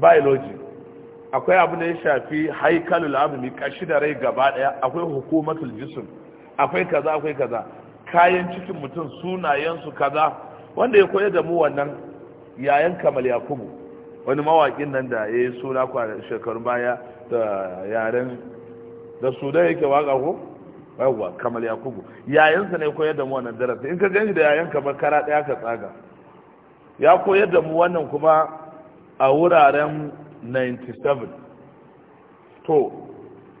biology akwai abin da ya shafi haikalul abumi, kashi da rai gaba daya akwai hukumatul jisun akwai kaza akwai kaza kayan cikin mutum sunayensu kaza wanda ya koyar da mu wannan yayan kamal yakubu wani mawaƙin nan da ya yi suna kwanan shekarun baya da yaren da su da yake waka ko yawwa kamal yakubu yayansa ne koyar da mu wannan darasi in ka gani da yayan kamar kara daya ka tsaga ya koyar da mu wannan kuma a wuraren 97 to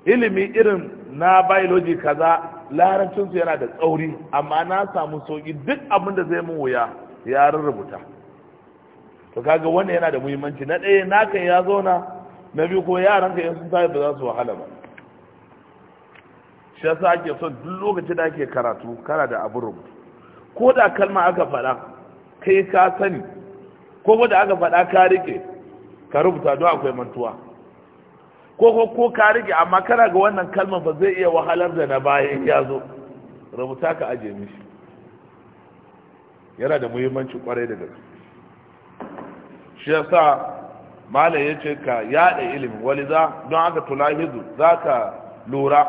ilimi irin na biology kaza larancinsu yana da tsauri amma na samu sauki duk abin da zai mun wuya ya rubuta to kaga wannan yana da muhimmanci na ɗaya naka ya zauna na biyu ko yaran ka sun tafi ba za su wahala ba shi yasa ake so duk lokacin da ake karatu kana da abin rubutu ko da kalma aka faɗa kai ka sani ko da aka faɗa ka rike ka rubuta don akwai mantuwa ko ko ko ka rike amma kana ga wannan kalmar ba zai iya wahalar da na in ya zo rubuta ka aje mishi yana da muhimmanci kwarai da gaske shi ya sa mala ya ce ka yaɗa ilimi wani za don tula tulahizu za ka lura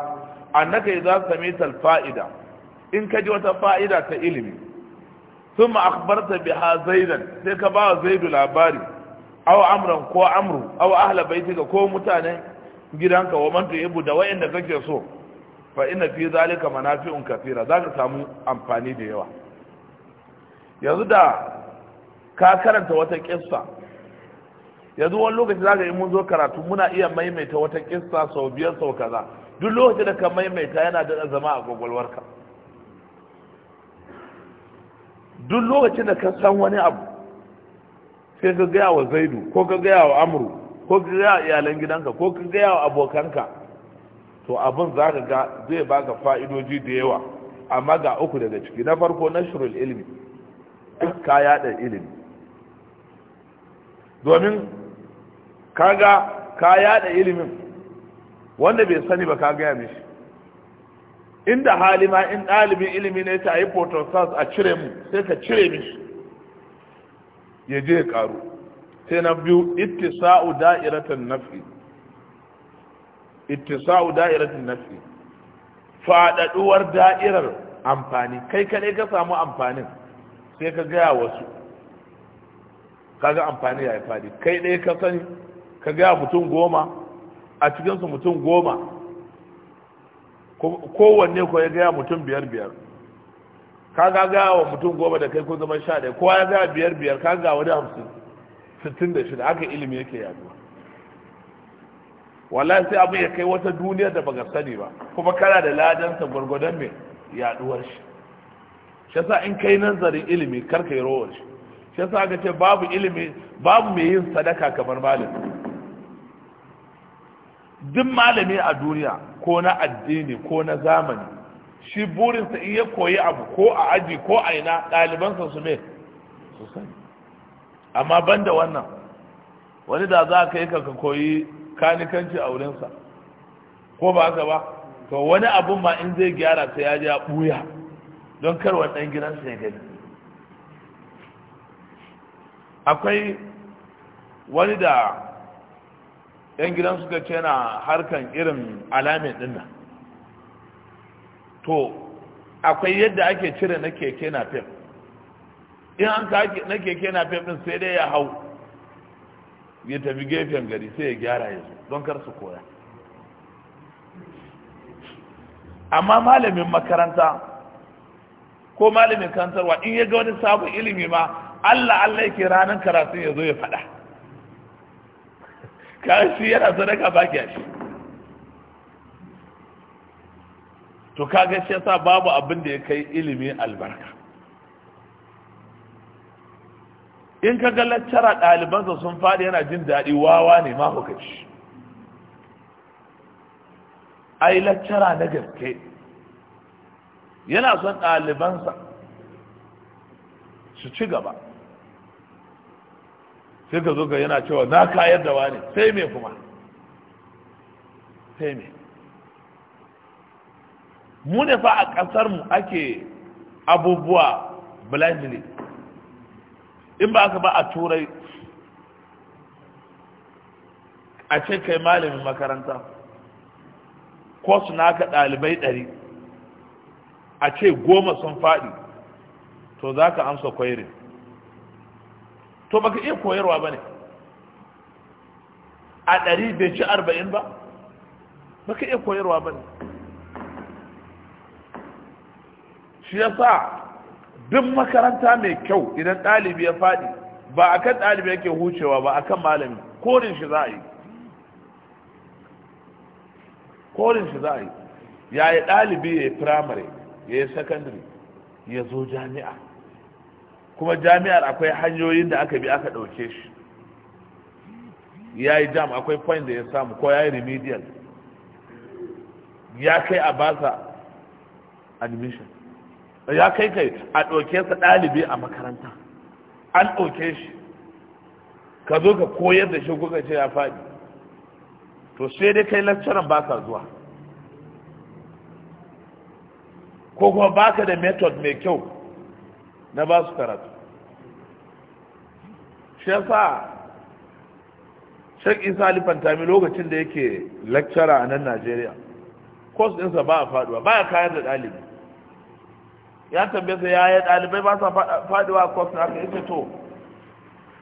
annaka idza samita fa'ida in ka ji wata fa'ida ta ilimi ثم أخبرت بها زيدا با زيد العباري أو أمرا كو أمر أو أهل بيتك كو متاني جيرانك ومن تيبو دواء إنك يسو فإن في ذلك منافع كثيرة ذاك سامو أمفاني ديوا يزدى كاكرنت وتكسا yanzu wani lokaci za ka yi mun zo karatu muna iya maimaita wata kissa sau biyar sau kaza duk lokacin da ka maimaita yana da zama a gwagwalwarka duk lokacin da ka san wani abu sai ka gaya wa zaidu ko ka gaya wa amru ko ka gaya wa iyalan gidanka ko ka gaya wa abokanka to abin za ka ga zai baka fa'idoji da yawa amma ga uku daga ciki na farko na shirul ilimi, ka yada ilimi domin ka ga ka yada ilimin wanda bai sani ba ka gaya mishi inda hali ma in ɗalibin ilimi ne ta yi photosas a cire mu sai ka cire mi ya je ya karu sai na biyu ittisa'u da'iratan naf'i ittisa'u da'iratan naf'i faɗaɗuwar da'irar amfani kai kaɗai ka samu amfanin sai ka gaya wasu kaga amfani ya yi faɗi kai ɗaya ka sani ka gaya mutum goma a cikinsu mutum goma kowanne ko ya gaya mutum biyar biyar ka ga gaya wa mutum goma da kai ko zama sha ɗaya kowa ya gaya biyar biyar ka ga wani hamsin sittin da shida aka ilimi yake yaduwa wallahi sai abin ya kai wata duniyar da baka sani ba kuma kana da ladansa gwargwadon mai yaduwar shi shi yasa in kai nazarin ilimi kar yi rowar shi shi yasa ka ce babu ilimi babu mai yin sadaka kamar malami duk malami a duniya ko na addini ko na zamani shi burinsa in ya koyi abu ko a aji ko a ina ɗalibansa su ne su sani amma ban da wannan wani da za ka yi ka koyi kanikanci a wurinsa ko ba haka ba to wani abun ma in zai gyara ta ya ji ya ɓuya don kar wannan gidansa ya gani akwai wani da yan gidan suka ce na harkan irin alamin din nan to akwai yadda ake cire na keke na fef in an ka na keke na fef din sai dai ya hau ya tafi gefen gari sai ya gyara ya zo don kar su koya amma malamin makaranta ko malamin kantarwa in ya ga wani sabon ilimi ma Allah Allah yake ranar karatun ya zo ya faɗa Kashi yana sadaka ba ki shi to kaga shi yasa babu abin da ya kai ilimin albarka in ka ga laccara ɗalibansa sun faɗi yana jin daɗi wawa ne ma kuka ci ai laccara na gaske yana son ɗalibansa su ci gaba sai ka zo ga yana cewa na kayar da wani sai me kuma sai me mu ne fa a ƙasar mu ake abubuwa blindly in ba aka ba a turai a ce kai malamin makaranta ko su naka ɗalibai ɗari a ce goma sun faɗi to za ka amsa kwairin to baka iya koyarwa ba ne a ɗari bai ci arba'in ba baka iya koyarwa ba ne shi ya sa duk makaranta mai kyau idan ɗalibi ya faɗi ba a kan ɗalibi yake hucewa ba a kan malami korin shi za a yi korin shi za a yi ya yi ɗalibi ya yi firamare ya yi sakandare ya zo jami'a kuma jami'ar akwai hanyoyin da aka bi aka ɗauke shi ya yi jam akwai point da ya samu ko ya yi remedial ya kai a basa admission ya kai kai a ɗauke sa ɗalibi a makaranta an ɗauke shi ka zo ka koyar da shi kuka ce ya faɗi to sai dai kai lakcaran ba sa zuwa ko kuma ba ka da method mai kyau na ba su karatu shi yasa shek isa alifantami lokacin da yake lecturer a nan najeriya kos ɗinsa ba a faduwa ba ya kayar da ɗalibi ya tambaye sa yaya ɗalibai ba sa faduwa a kos na aka to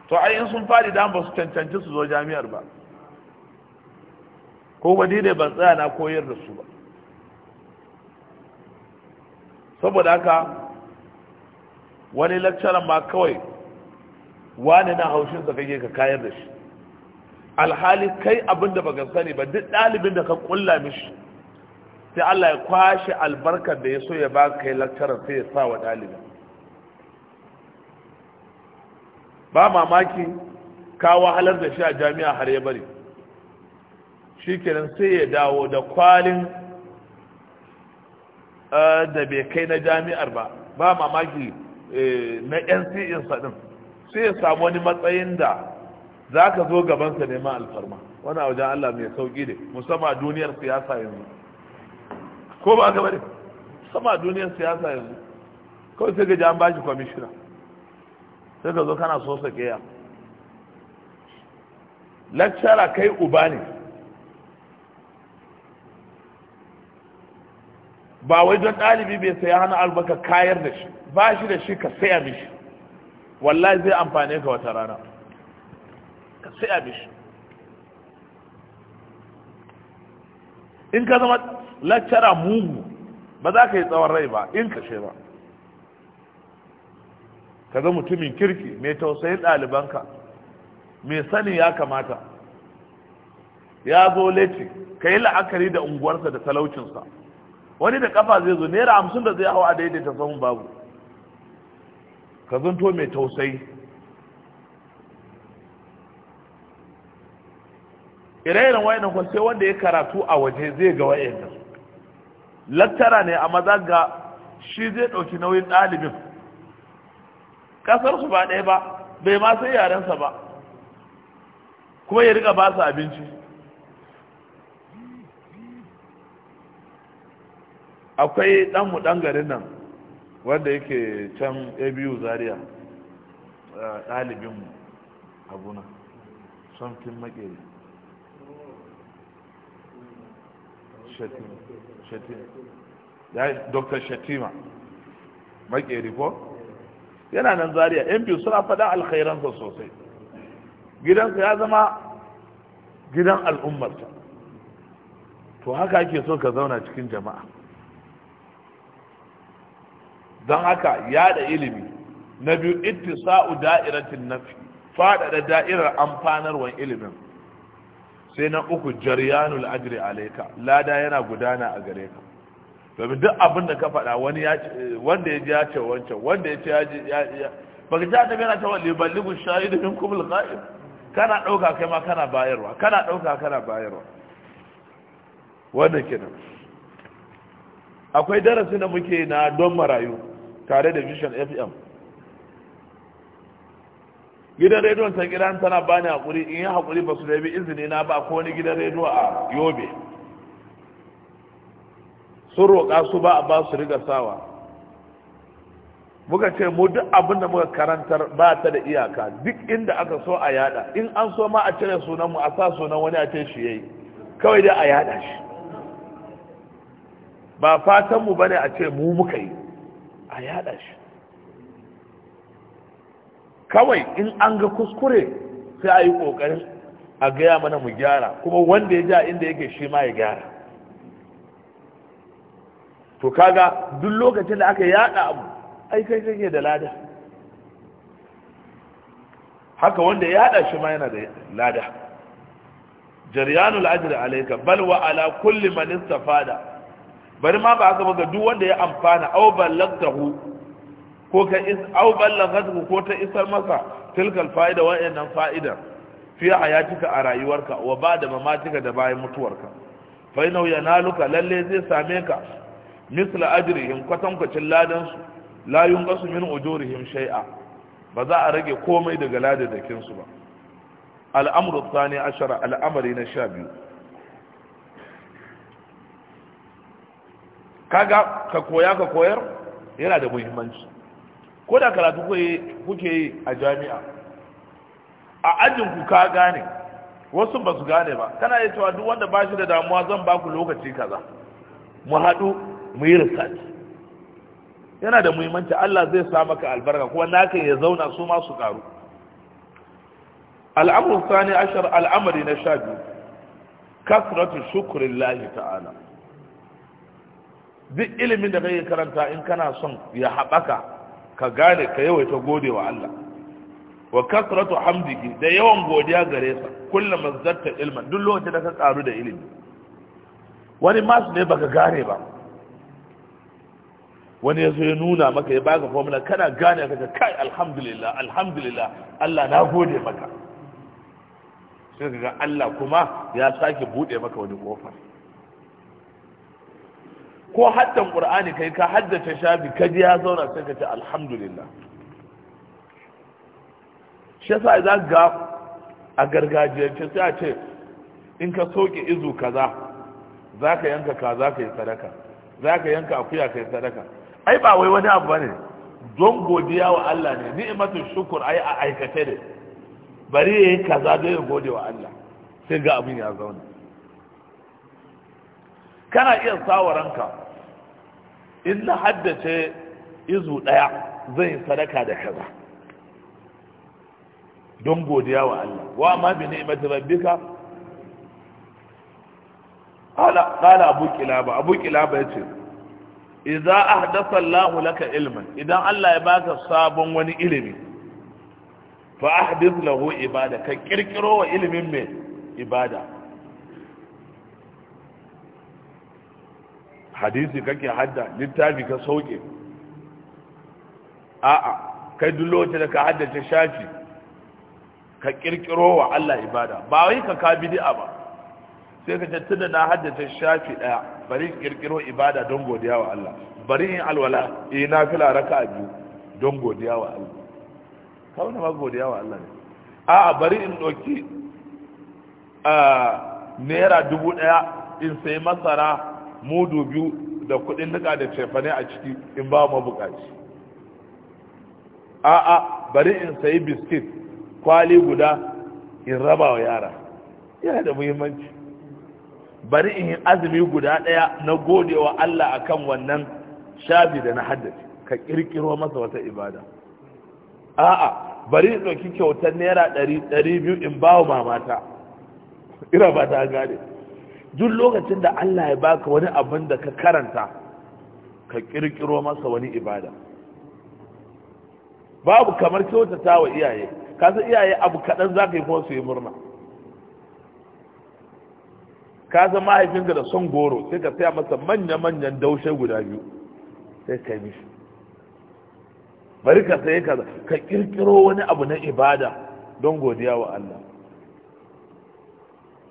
to ai in sun fadi dan ba su cancanci su zo jami'ar ba ko ba ne ban tsaya na koyar da su ba saboda haka wani lakcaran ma kawai wani na haushin sa kake ka kayar da shi alhali kai abinda da baka sani ba duk ɗalibin da ka kulla mishi sai Allah ya kwashe albarkar da ya so ya baka kai lakcaran sai ya sa wa dalibin ba mamaki ka wahalar da shi a jami'a har ya bari shi kenan sai ya dawo da kwalin eh, da bai kai na jami'ar ba ba mamaki Eh, na NCS din sai ya samu wani matsayin da za ka zo gabansa neman alfarma wani a wajen Allah mai sauƙi ne musamman a duniyar siyasa yanzu ko ba gaba ne musamman a duniyar siyasa yanzu kawai sai ka ji an bashi kwamishina sai ka zo kana so sa keya lakcara kai uba ne ba wai don ɗalibi bai sai hana albaka kayar da shi ba shi da shi ka saya mishi wallahi zai amfane ka wata rana ka saya mishi in ka zama laccara mugu ba za ka yi tsawon rai ba in kashe ba ka zama mutumin kirki mai tausayin ɗalibanka mai sani ya kamata ya zo leci ka yi la'akari da unguwarsa da talaucinsa wani da kafa zai zo naira hamsin da zai hau a daidaita samun babu ka zanto mai tausayi ire wayan wayannan wanda ya karatu a waje zai ga nan lattara ne a maza ga shi zai ɗauki nauyin ɗalibin ƙasarsu ba ɗaya ba bai ma sai yarensa ba kuma ya rika ba su abinci akwai ɗanmu ɗan garin nan wanda yake can abu zaria ɗalibinmu abuna something makere dr shatima makeri ko yana nan zaria yan biyu suna faɗa alkhairansa sosai gidansa ya zama gidan al'ummarsa to haka ake so ka zauna cikin jama'a don haka yada ilimi na biyu ittisa'u da'iratin nafi faɗaɗa da'irar amfanarwan ilimin sai na uku jaryanul ajri alaika lada yana gudana a gare ka domin duk abin da ka faɗa wani ya wanda ya ji ya ce wancan wanda ya ce ya ji ya baka ji annabi yana cewa liballighu shahidu minkum alqa'im kana ɗauka kai ma kana bayarwa kana ɗauka kana bayarwa wannan kenan akwai darasi da muke na don marayu tare da vision fm gidan rediyon ta gida tana bani hakuri in yi hakuri ba su da izini na ba ko wani gidan rediyo a yobe sun roƙa su ba a ba su riga sawa muka ce mu duk abin da muka karantar ba ta da iyaka duk inda aka so a yada in an so ma a cire sunan mu a sa sunan wani a ce shi yayi kawai dai a yada shi ba fatan mu bane a ce mu muka yi a yada shi kawai in an ga kuskure sai a yi kokarin a gaya mana mu gyara kuma wanda ya ja inda yake shi ma ya gyara to kaga duk lokacin da aka yada abu ai kai kake da lada haka wanda ya yada shi ma yana da lada jaryanul ajri alayka bal wa ala kulli man istafada bari ma ba aka ga duk wanda ya amfana au ballagtahu ko ka is au ballagtahu ko ta isar masa tilkal fa'ida wa'annan fa'idar fi hayatika a rayuwarka wa ba da mamatika da bayan mutuwarka fa inau yanaluka lalle zai same ka misla ajrihim kwatankwacin ladan su la yunqasu min ujurihim shay'a ba za a rage komai daga ladadakin su ba al-amru thani ashara al'amari na sha biyu kaga ka koya ka koyar yana da muhimmanci ko da karatu kuke yi a jami'a a ajin ku ka gane wasu ba su gane ba kana yi cewa duk wanda ba shi da damuwa zan ba ku lokaci kaza mu haɗu mu yi research yana da muhimmanci Allah zai sa maka albarka kuma naka ya zauna su ma su karu al'amru sani ashar al'amari na sha biyu kasratu shukrillahi ta'ala duk ilimin da kai karanta in kana son ya haɓaka ka gane ka yawaita gode wa Allah wa kasratu hamdihi da yawan godiya gare sa kullum mazzatta ilman duk lokacin da ka karu da ilimi wani masu ne baka gane ba wani ya zo ya nuna maka ya baka formula kana gane ka kai alhamdulillah alhamdulillah Allah na gode maka sai ka ga Allah kuma ya sake bude maka wani kofar ko haddan qur'ani kai ka haddace shafi ka ji ya zauna sai ka ce alhamdulillah shi yasa za ga a gargajiyance sai a ce in ka soke izu kaza za ka yanka ka ka yi sadaka za ka yanka akuya ka yi sadaka ai ba wai wani abu bane don godiya wa Allah ne imatu shukur ai a aikace ne bari yayi kaza da ya gode wa Allah sai ga abin ya zauna kana iya sawaranka ranka in na haddace izu ɗaya zan yi sadaka da kaza don godiya wa Allah wa ma bi ni'mati rabbika qala qala abu kilaba abu kilaba yace idza ahdatha Allah laka ilman idan Allah ya baka sabon wani ilimi fa ahdith lahu ibada ka kirkiro wa ilimin mai ibada hadisi kake hadda littafi ka sauke a'a kai duk lokacin da ka haddace shafi ka kirkiro wa Allah ibada ba wai ka ka bid'a ba sai ka tattauna tunda na haddace shafi daya bari kirkiro ibada don godiya wa Allah bari in alwala eh nafila raka'a biyu don godiya wa Allah kawai ma godiya wa Allah ne a'a bari in doki a ah, naira dubu daya in sai masara mudu biyu da kudin nika da cefane a ciki in ba mu bukaci a'a bari in sayi biskit kwali guda in raba wa yara yana da muhimmanci bari in yi azumi guda ɗaya na godewa Allah akan wannan shabi da na haddace ka kirkiro masa wata ibada a'a bari in ɗauki kyautar naira ɗari biyu in ba wa mamata Ira ba ta gane duk lokacin da Allah ya baka wani abin da ka karanta ka kirkiro masa wani ibada babu kamar kyautata wa iyaye ka san iyaye abu kaɗan za ka yi kuma su yi murna ka san mahaifinka da son goro sai ka saya masa manya-manyan daushe guda biyu sai ka yi bari ka sai ka kirkiro wani abu na ibada don godiya wa Allah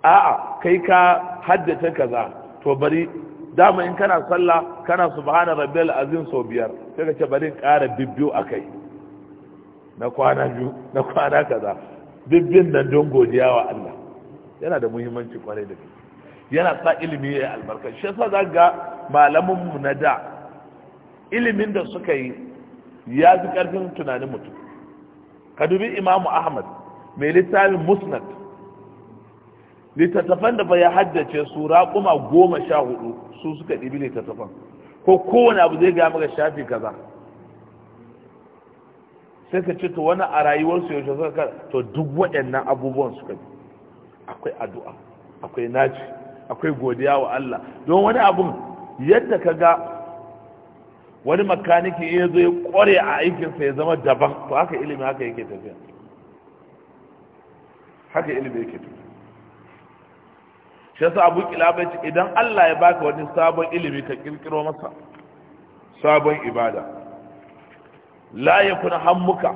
a'a kai ka haddace kaza to bari dama in kana sallah kana subhana rabbil azim sau biyar sai ka ce bari in ƙara bibbiyo a kai na kwana biyu na kwana kaza bibbin nan don godiya wa Allah yana da muhimmanci kwarai da gaske yana sa ilimi ya albarka shi yasa za ga malamin mu na da ilimin da suka yi ya fi karfin tunanin mutum ka dubi imamu ahmad mai littafin musnad littattafan da bai haddace su raƙuma goma sha hudu su suka ɗibi littattafan ko kowane abu zai gama ga shafi kaza sai ka ce to wani a rayuwarsu yau shafi kaza to duk waɗannan abubuwan suka bi akwai addu'a akwai naci akwai godiya wa Allah don wani abun yadda ka ga wani makaniki ya zo ya kware a aikinsa ya zama daban to haka ilimi haka yake tafiya haka ilimi yake tafiya shi yasa abu kilaba ce idan Allah ya baka wani sabon ilimi ka kirkiro masa sabon ibada la yakun hammuka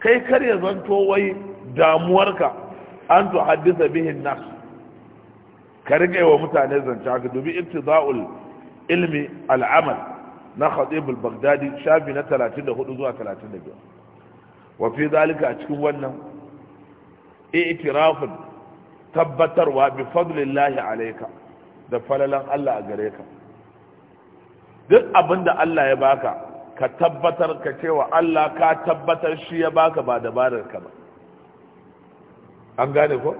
kai kar ya zanto wai damuwarka an tu haddisa bihi nas ka rike wa mutane zance haka dubi ibtida'ul ilmi al'amal na khatib al-baghdadi shafi na 34 zuwa 35 wa fi zalika a cikin wannan i'tirafun tabbatarwa bi fadlillahi alaika da falalan Allah a gare ka duk abin da Allah ya baka ka tabbatar ka cewa Allah ka tabbatar shi ya baka ba dabarar ka ba an gane ko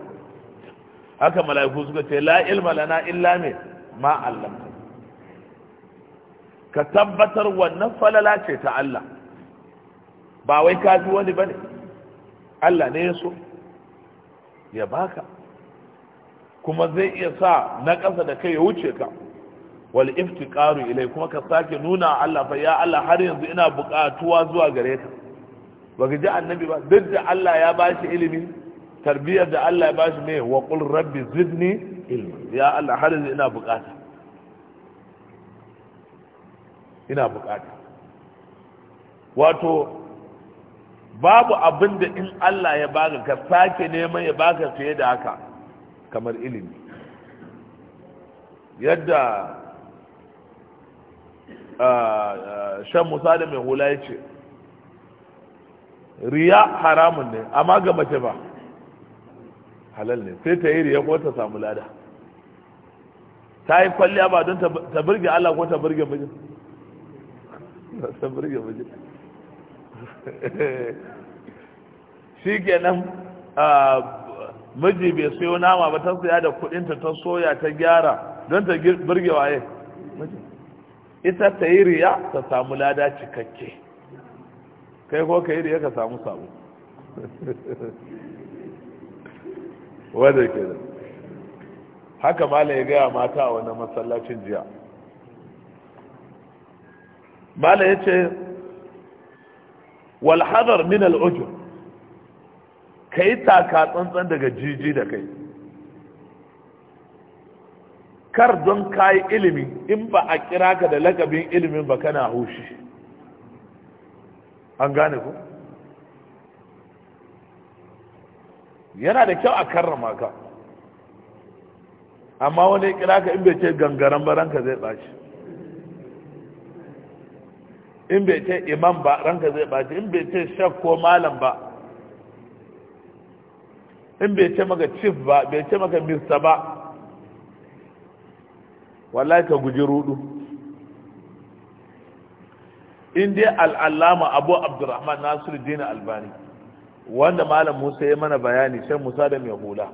haka mala'iku suka ce la ilma lana illa me ma allamta ka tabbatar wannan falala ce ta Allah ba wai ka ji wani bane Allah ne ya so ya baka kuma zai iya sa na ƙasa da kai ya wuce ka wal iftiqaru ilai kuma ka sake nuna Allah fa ya Allah har yanzu ina buƙatuwa zuwa gare ka baka ji annabi ba duk da Allah ya bashi ilimi tarbiyyar da Allah ya bashi ne wa qul rabbi zidni ilmi ya Allah har yanzu ina buƙata ina buƙata wato babu abin da in Allah ya baka ka sake neman ya baka fiye da haka kamar ilimi yadda shan musa da mai hula ya ce riya haramun ne amma ga mace ba halal ne sai ta yi riya ko ta samu lada ta yi kwalliya ba don ta birge Allah ko ta birge mijin ta birge mijin shi kenan miji bai sayo nama ba ta saya da kudinta ta soya ta gyara don ta birge waye ita ta yi riya ta samu lada cikakke kai ko ka yi riya ka samu samu wadda ke da haka mala ya gaya mata a wani masallacin jiya mala ya ce walhazar min al'ujur ka yi taka tsantsan daga jiji da kai kar don ka yi ilimi in ba a kira ka da lakabin ilimin ba kana hushi an gane ku yana da kyau a karrama ka amma wani kira ka in bai ce gangaren ba ranka zai ɓaci in bai ce imam ba ranka zai ɓaci in bai ce shakko ko malam ba in bai ce maka chief ba bai ce maka mista ba wallahi ka guji rudu in dai al'allama abu abdurrahman nasiruddin albani wanda malam musa ya mana bayani shan musa da mai hula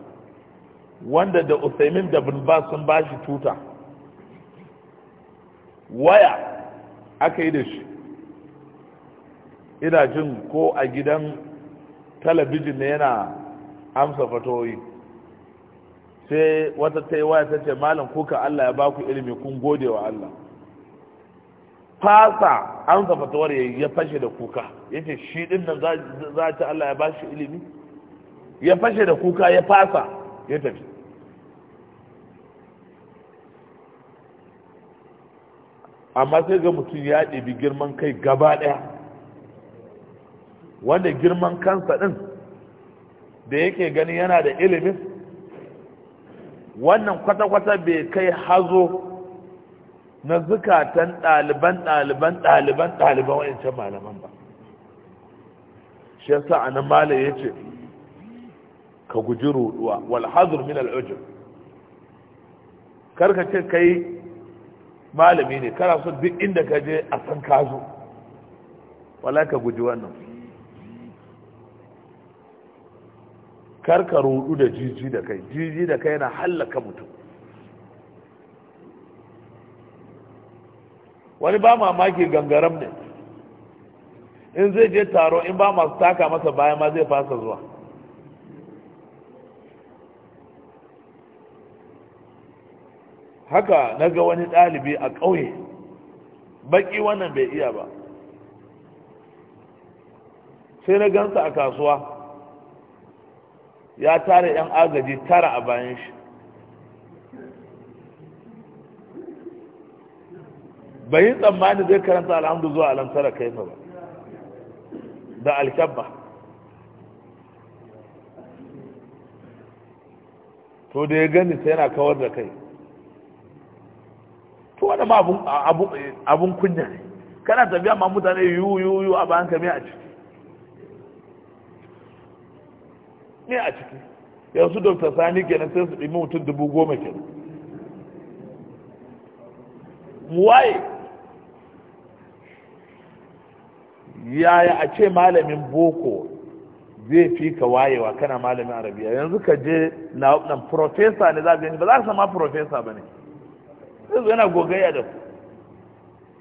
wanda da usaimin da bin ba sun ba shi tuta waya aka yi da shi ina jin ko a gidan talabijin ne yana amsa fatoyi sai wata ta yi waya ta ce malam kuka Allah ya baku ilimi kun gode wa Allah fasa amsa fatawar ya fashe da kuka ya ce shi din nan za ta Allah ya bashi ilimi ya fashe da kuka ya fasa ya tafi amma sai ga mutum ya ɗebi girman kai gaba ɗaya wanda girman kansa ɗin da yake gani yana da ilimin wannan kwata-kwata bai kai hazo na zukatan ɗaliban ɗaliban ɗaliban ɗaliban wa'ancan malaman ba shi sa a nan malam ya ce ka guji ruduwa wal hazur min al'ajir karka ce kai malami ne kana so duk inda ka je a san ka wala ka guji wannan karka rudu da jiji da kai jiji da kai na hallaka mutum wani ba mamaki gangaram ne in zai je taro in ba masu taka masa baya ma zai fasa zuwa haka na ga wani ɗalibi a ƙauye Baki wannan bai iya ba sai na gansa a kasuwa ya tara 'yan agaji tara a bayan shi bai yi tsammani zai karanta alhamdu zuwa alamtara kaifa ba da alkyabba to da ya gani sai yana kawar da kai to wani abun kunya ne kana tafiya ma mutane yiwu yiwu a bayan kame a ciki ne a ciki yanzu dr sani kenan sai su ɗimi mutum dubu goma kenan waye yaya a ce malamin boko zai fi ka wayewa kana malamin arabiya yanzu ka je na profesa ne za a ba za a sama profesa ba ne yanzu yana gogayya da ku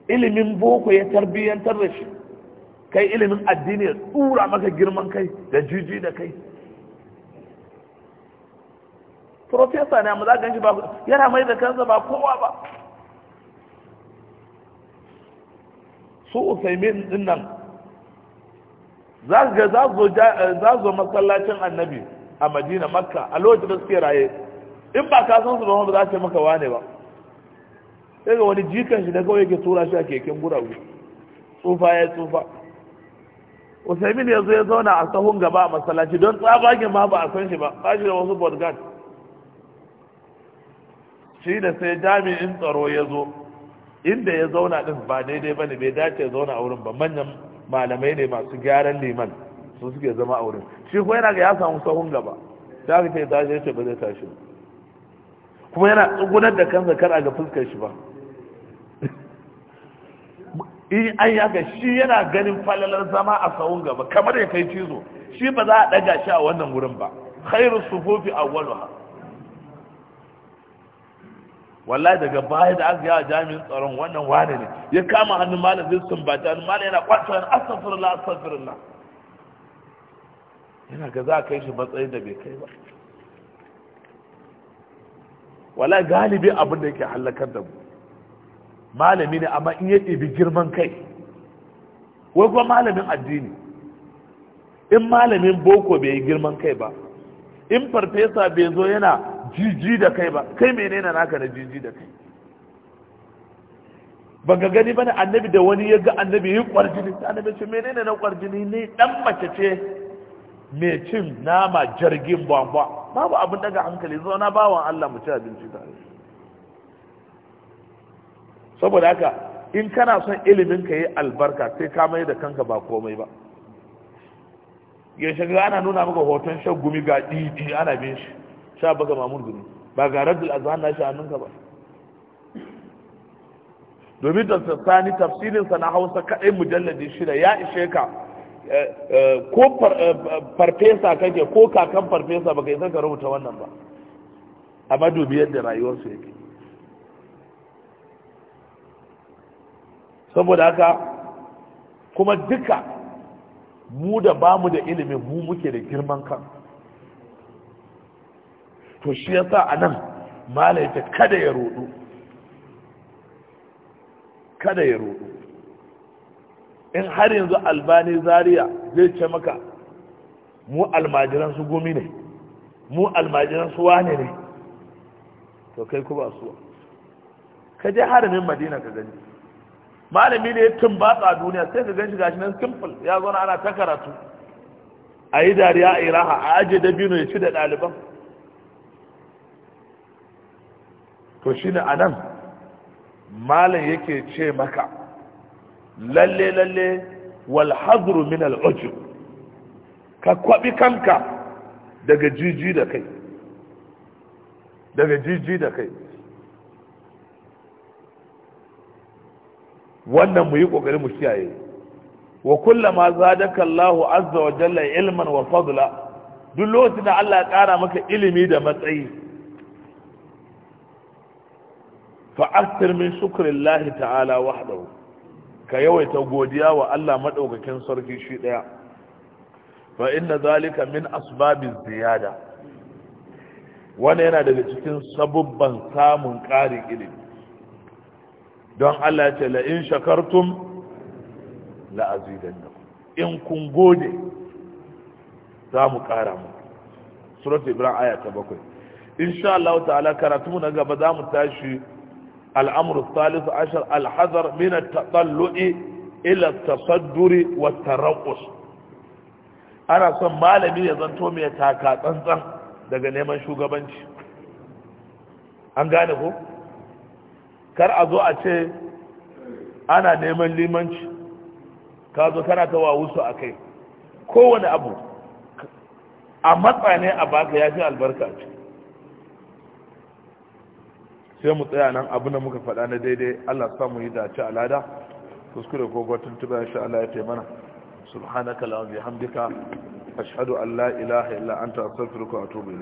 ilimin boko ya tarbiyyantar da shi kai ilimin addini ya tsura maka girman kai da jiji da kai profesa ne amma za ganshi ba yana mai da kansa ba kowa ba su usaimin din nan za za eh, zo masallacin annabi a madina makka a lokacin da suke raye in ba ka san su ba za ce maka wane ba sai ga wani jikan shi da kawai yake tura shi a keken guragu tsufa ya tsufa usaimin ya zo ya zauna a sahun gaba a masallaci don tsabagen ma ba a san shi ba ba shi da wasu bodyguard shi da sai jami'in tsaro ya zo inda ya zauna din ba daidai bane bai dace ya zauna a wurin ba manyan malamai ne masu gyaran liman su suke zama a wurin shi ko yana ga ya samu sahun gaba da aka ce tashi ce ba zai tashi kuma yana tsugunar da kansa kar a ga fuskar shi ba in an yaka shi yana ganin falalar zama a sahun gaba kamar ya kai cizo shi ba za a daga shi a wannan wurin ba khairu sufufi awwaluha wallahi daga baya da aka yi a jami'in tsaron wannan wane ne ya kama hannun malam zai sun ba hannun malam yana kwata yana astaghfirullah astaghfirullah yana ga za a kai shi matsayin da bai kai ba wallahi galibi abin da yake halakar da mu malami ne amma in ya ɗebi girman kai wai kuma malamin addini in malamin boko bai yi girman kai ba in farfesa bai zo yana jiji da kai ba kai menene naka na jiji da kai ba ga gani bane annabi da wani ya ga annabi yi kwarjini annabi ce menene na kwarjini ne dan mace ce mai cin nama jirgin bamba babu abin daga hankali na bawan Allah mu ci abinci da shi saboda haka in kana son ilimin ka yi albarka sai ka mai da kanka ba komai ba ya shiga ana nuna maka hoton shan gumi ga didi ana bin shi sha baka mamur ba ga raddul azhan na shi hannunka ba domin tsani tafsirin sa na Hausa kadai mujalladi shida ya ishe ka eh, eh, ko eh, farfesa kake ko kakan farfesa baka yi zaka rubuta wannan ba amma dubi yadda rayuwarsu yake saboda haka kuma duka mu da bamu da ilimin mu muke da girman kan to shi ya sa a nan malaita kada ya rudu kada ya rudu in har yanzu albani Zariya zai ce maka mu almajiran su gumi ne mu almajiran su wane ne to kai ku ba su ka je haramin madina ka gani malami ne ya tumbatsa a duniya sai ka ganshi gashi nan simple ya zo ana ta karatu a yi dariya a yi raha a ajiye dabino ya ci da ɗaliban to a anan malam yake ce maka lalle lalle wal hazru min al ka kwabi kanka daga jiji da kai daga jiji da kai wannan mu yi kokari mu kiyaye wa kullama zadaka Allahu azza wa jalla ilman wa fadla duk lokacin da Allah ya kara maka ilimi da matsayi fa'aktir min shukrin lahi ta'ala wahdahu ka yawaita godiya wa Allah maɗaukakin sarki shi ɗaya fa inna zalika min asbabin ziyada wani yana daga cikin sabubban samun ƙarin ilimi don Allah ce la'in shakartum la'azidan in kun gode za mu ƙara mu surat ibrahim aya ta bakwai insha Allah ta'ala karatu na gaba za mu tashi Al'amur الثالث عشر الحذر من التطلع إلى التصدر والترقص ana son malami ya zanto mai taka tsantsan daga neman shugabanci an gane ko kar a zo a ce ana neman limanci ka zo kana ta wawusu a kai kowane abu a matsa ne a baka ya fi albarka ce sai mu tsaya nan abin da muka faɗa na daidai Allah samu yi dace a lada kuskure ko gwatun tuba insha Allah ya taimana subhanaka la bihamdika ashhadu an la ilaha illa anta astaghfiruka a atubu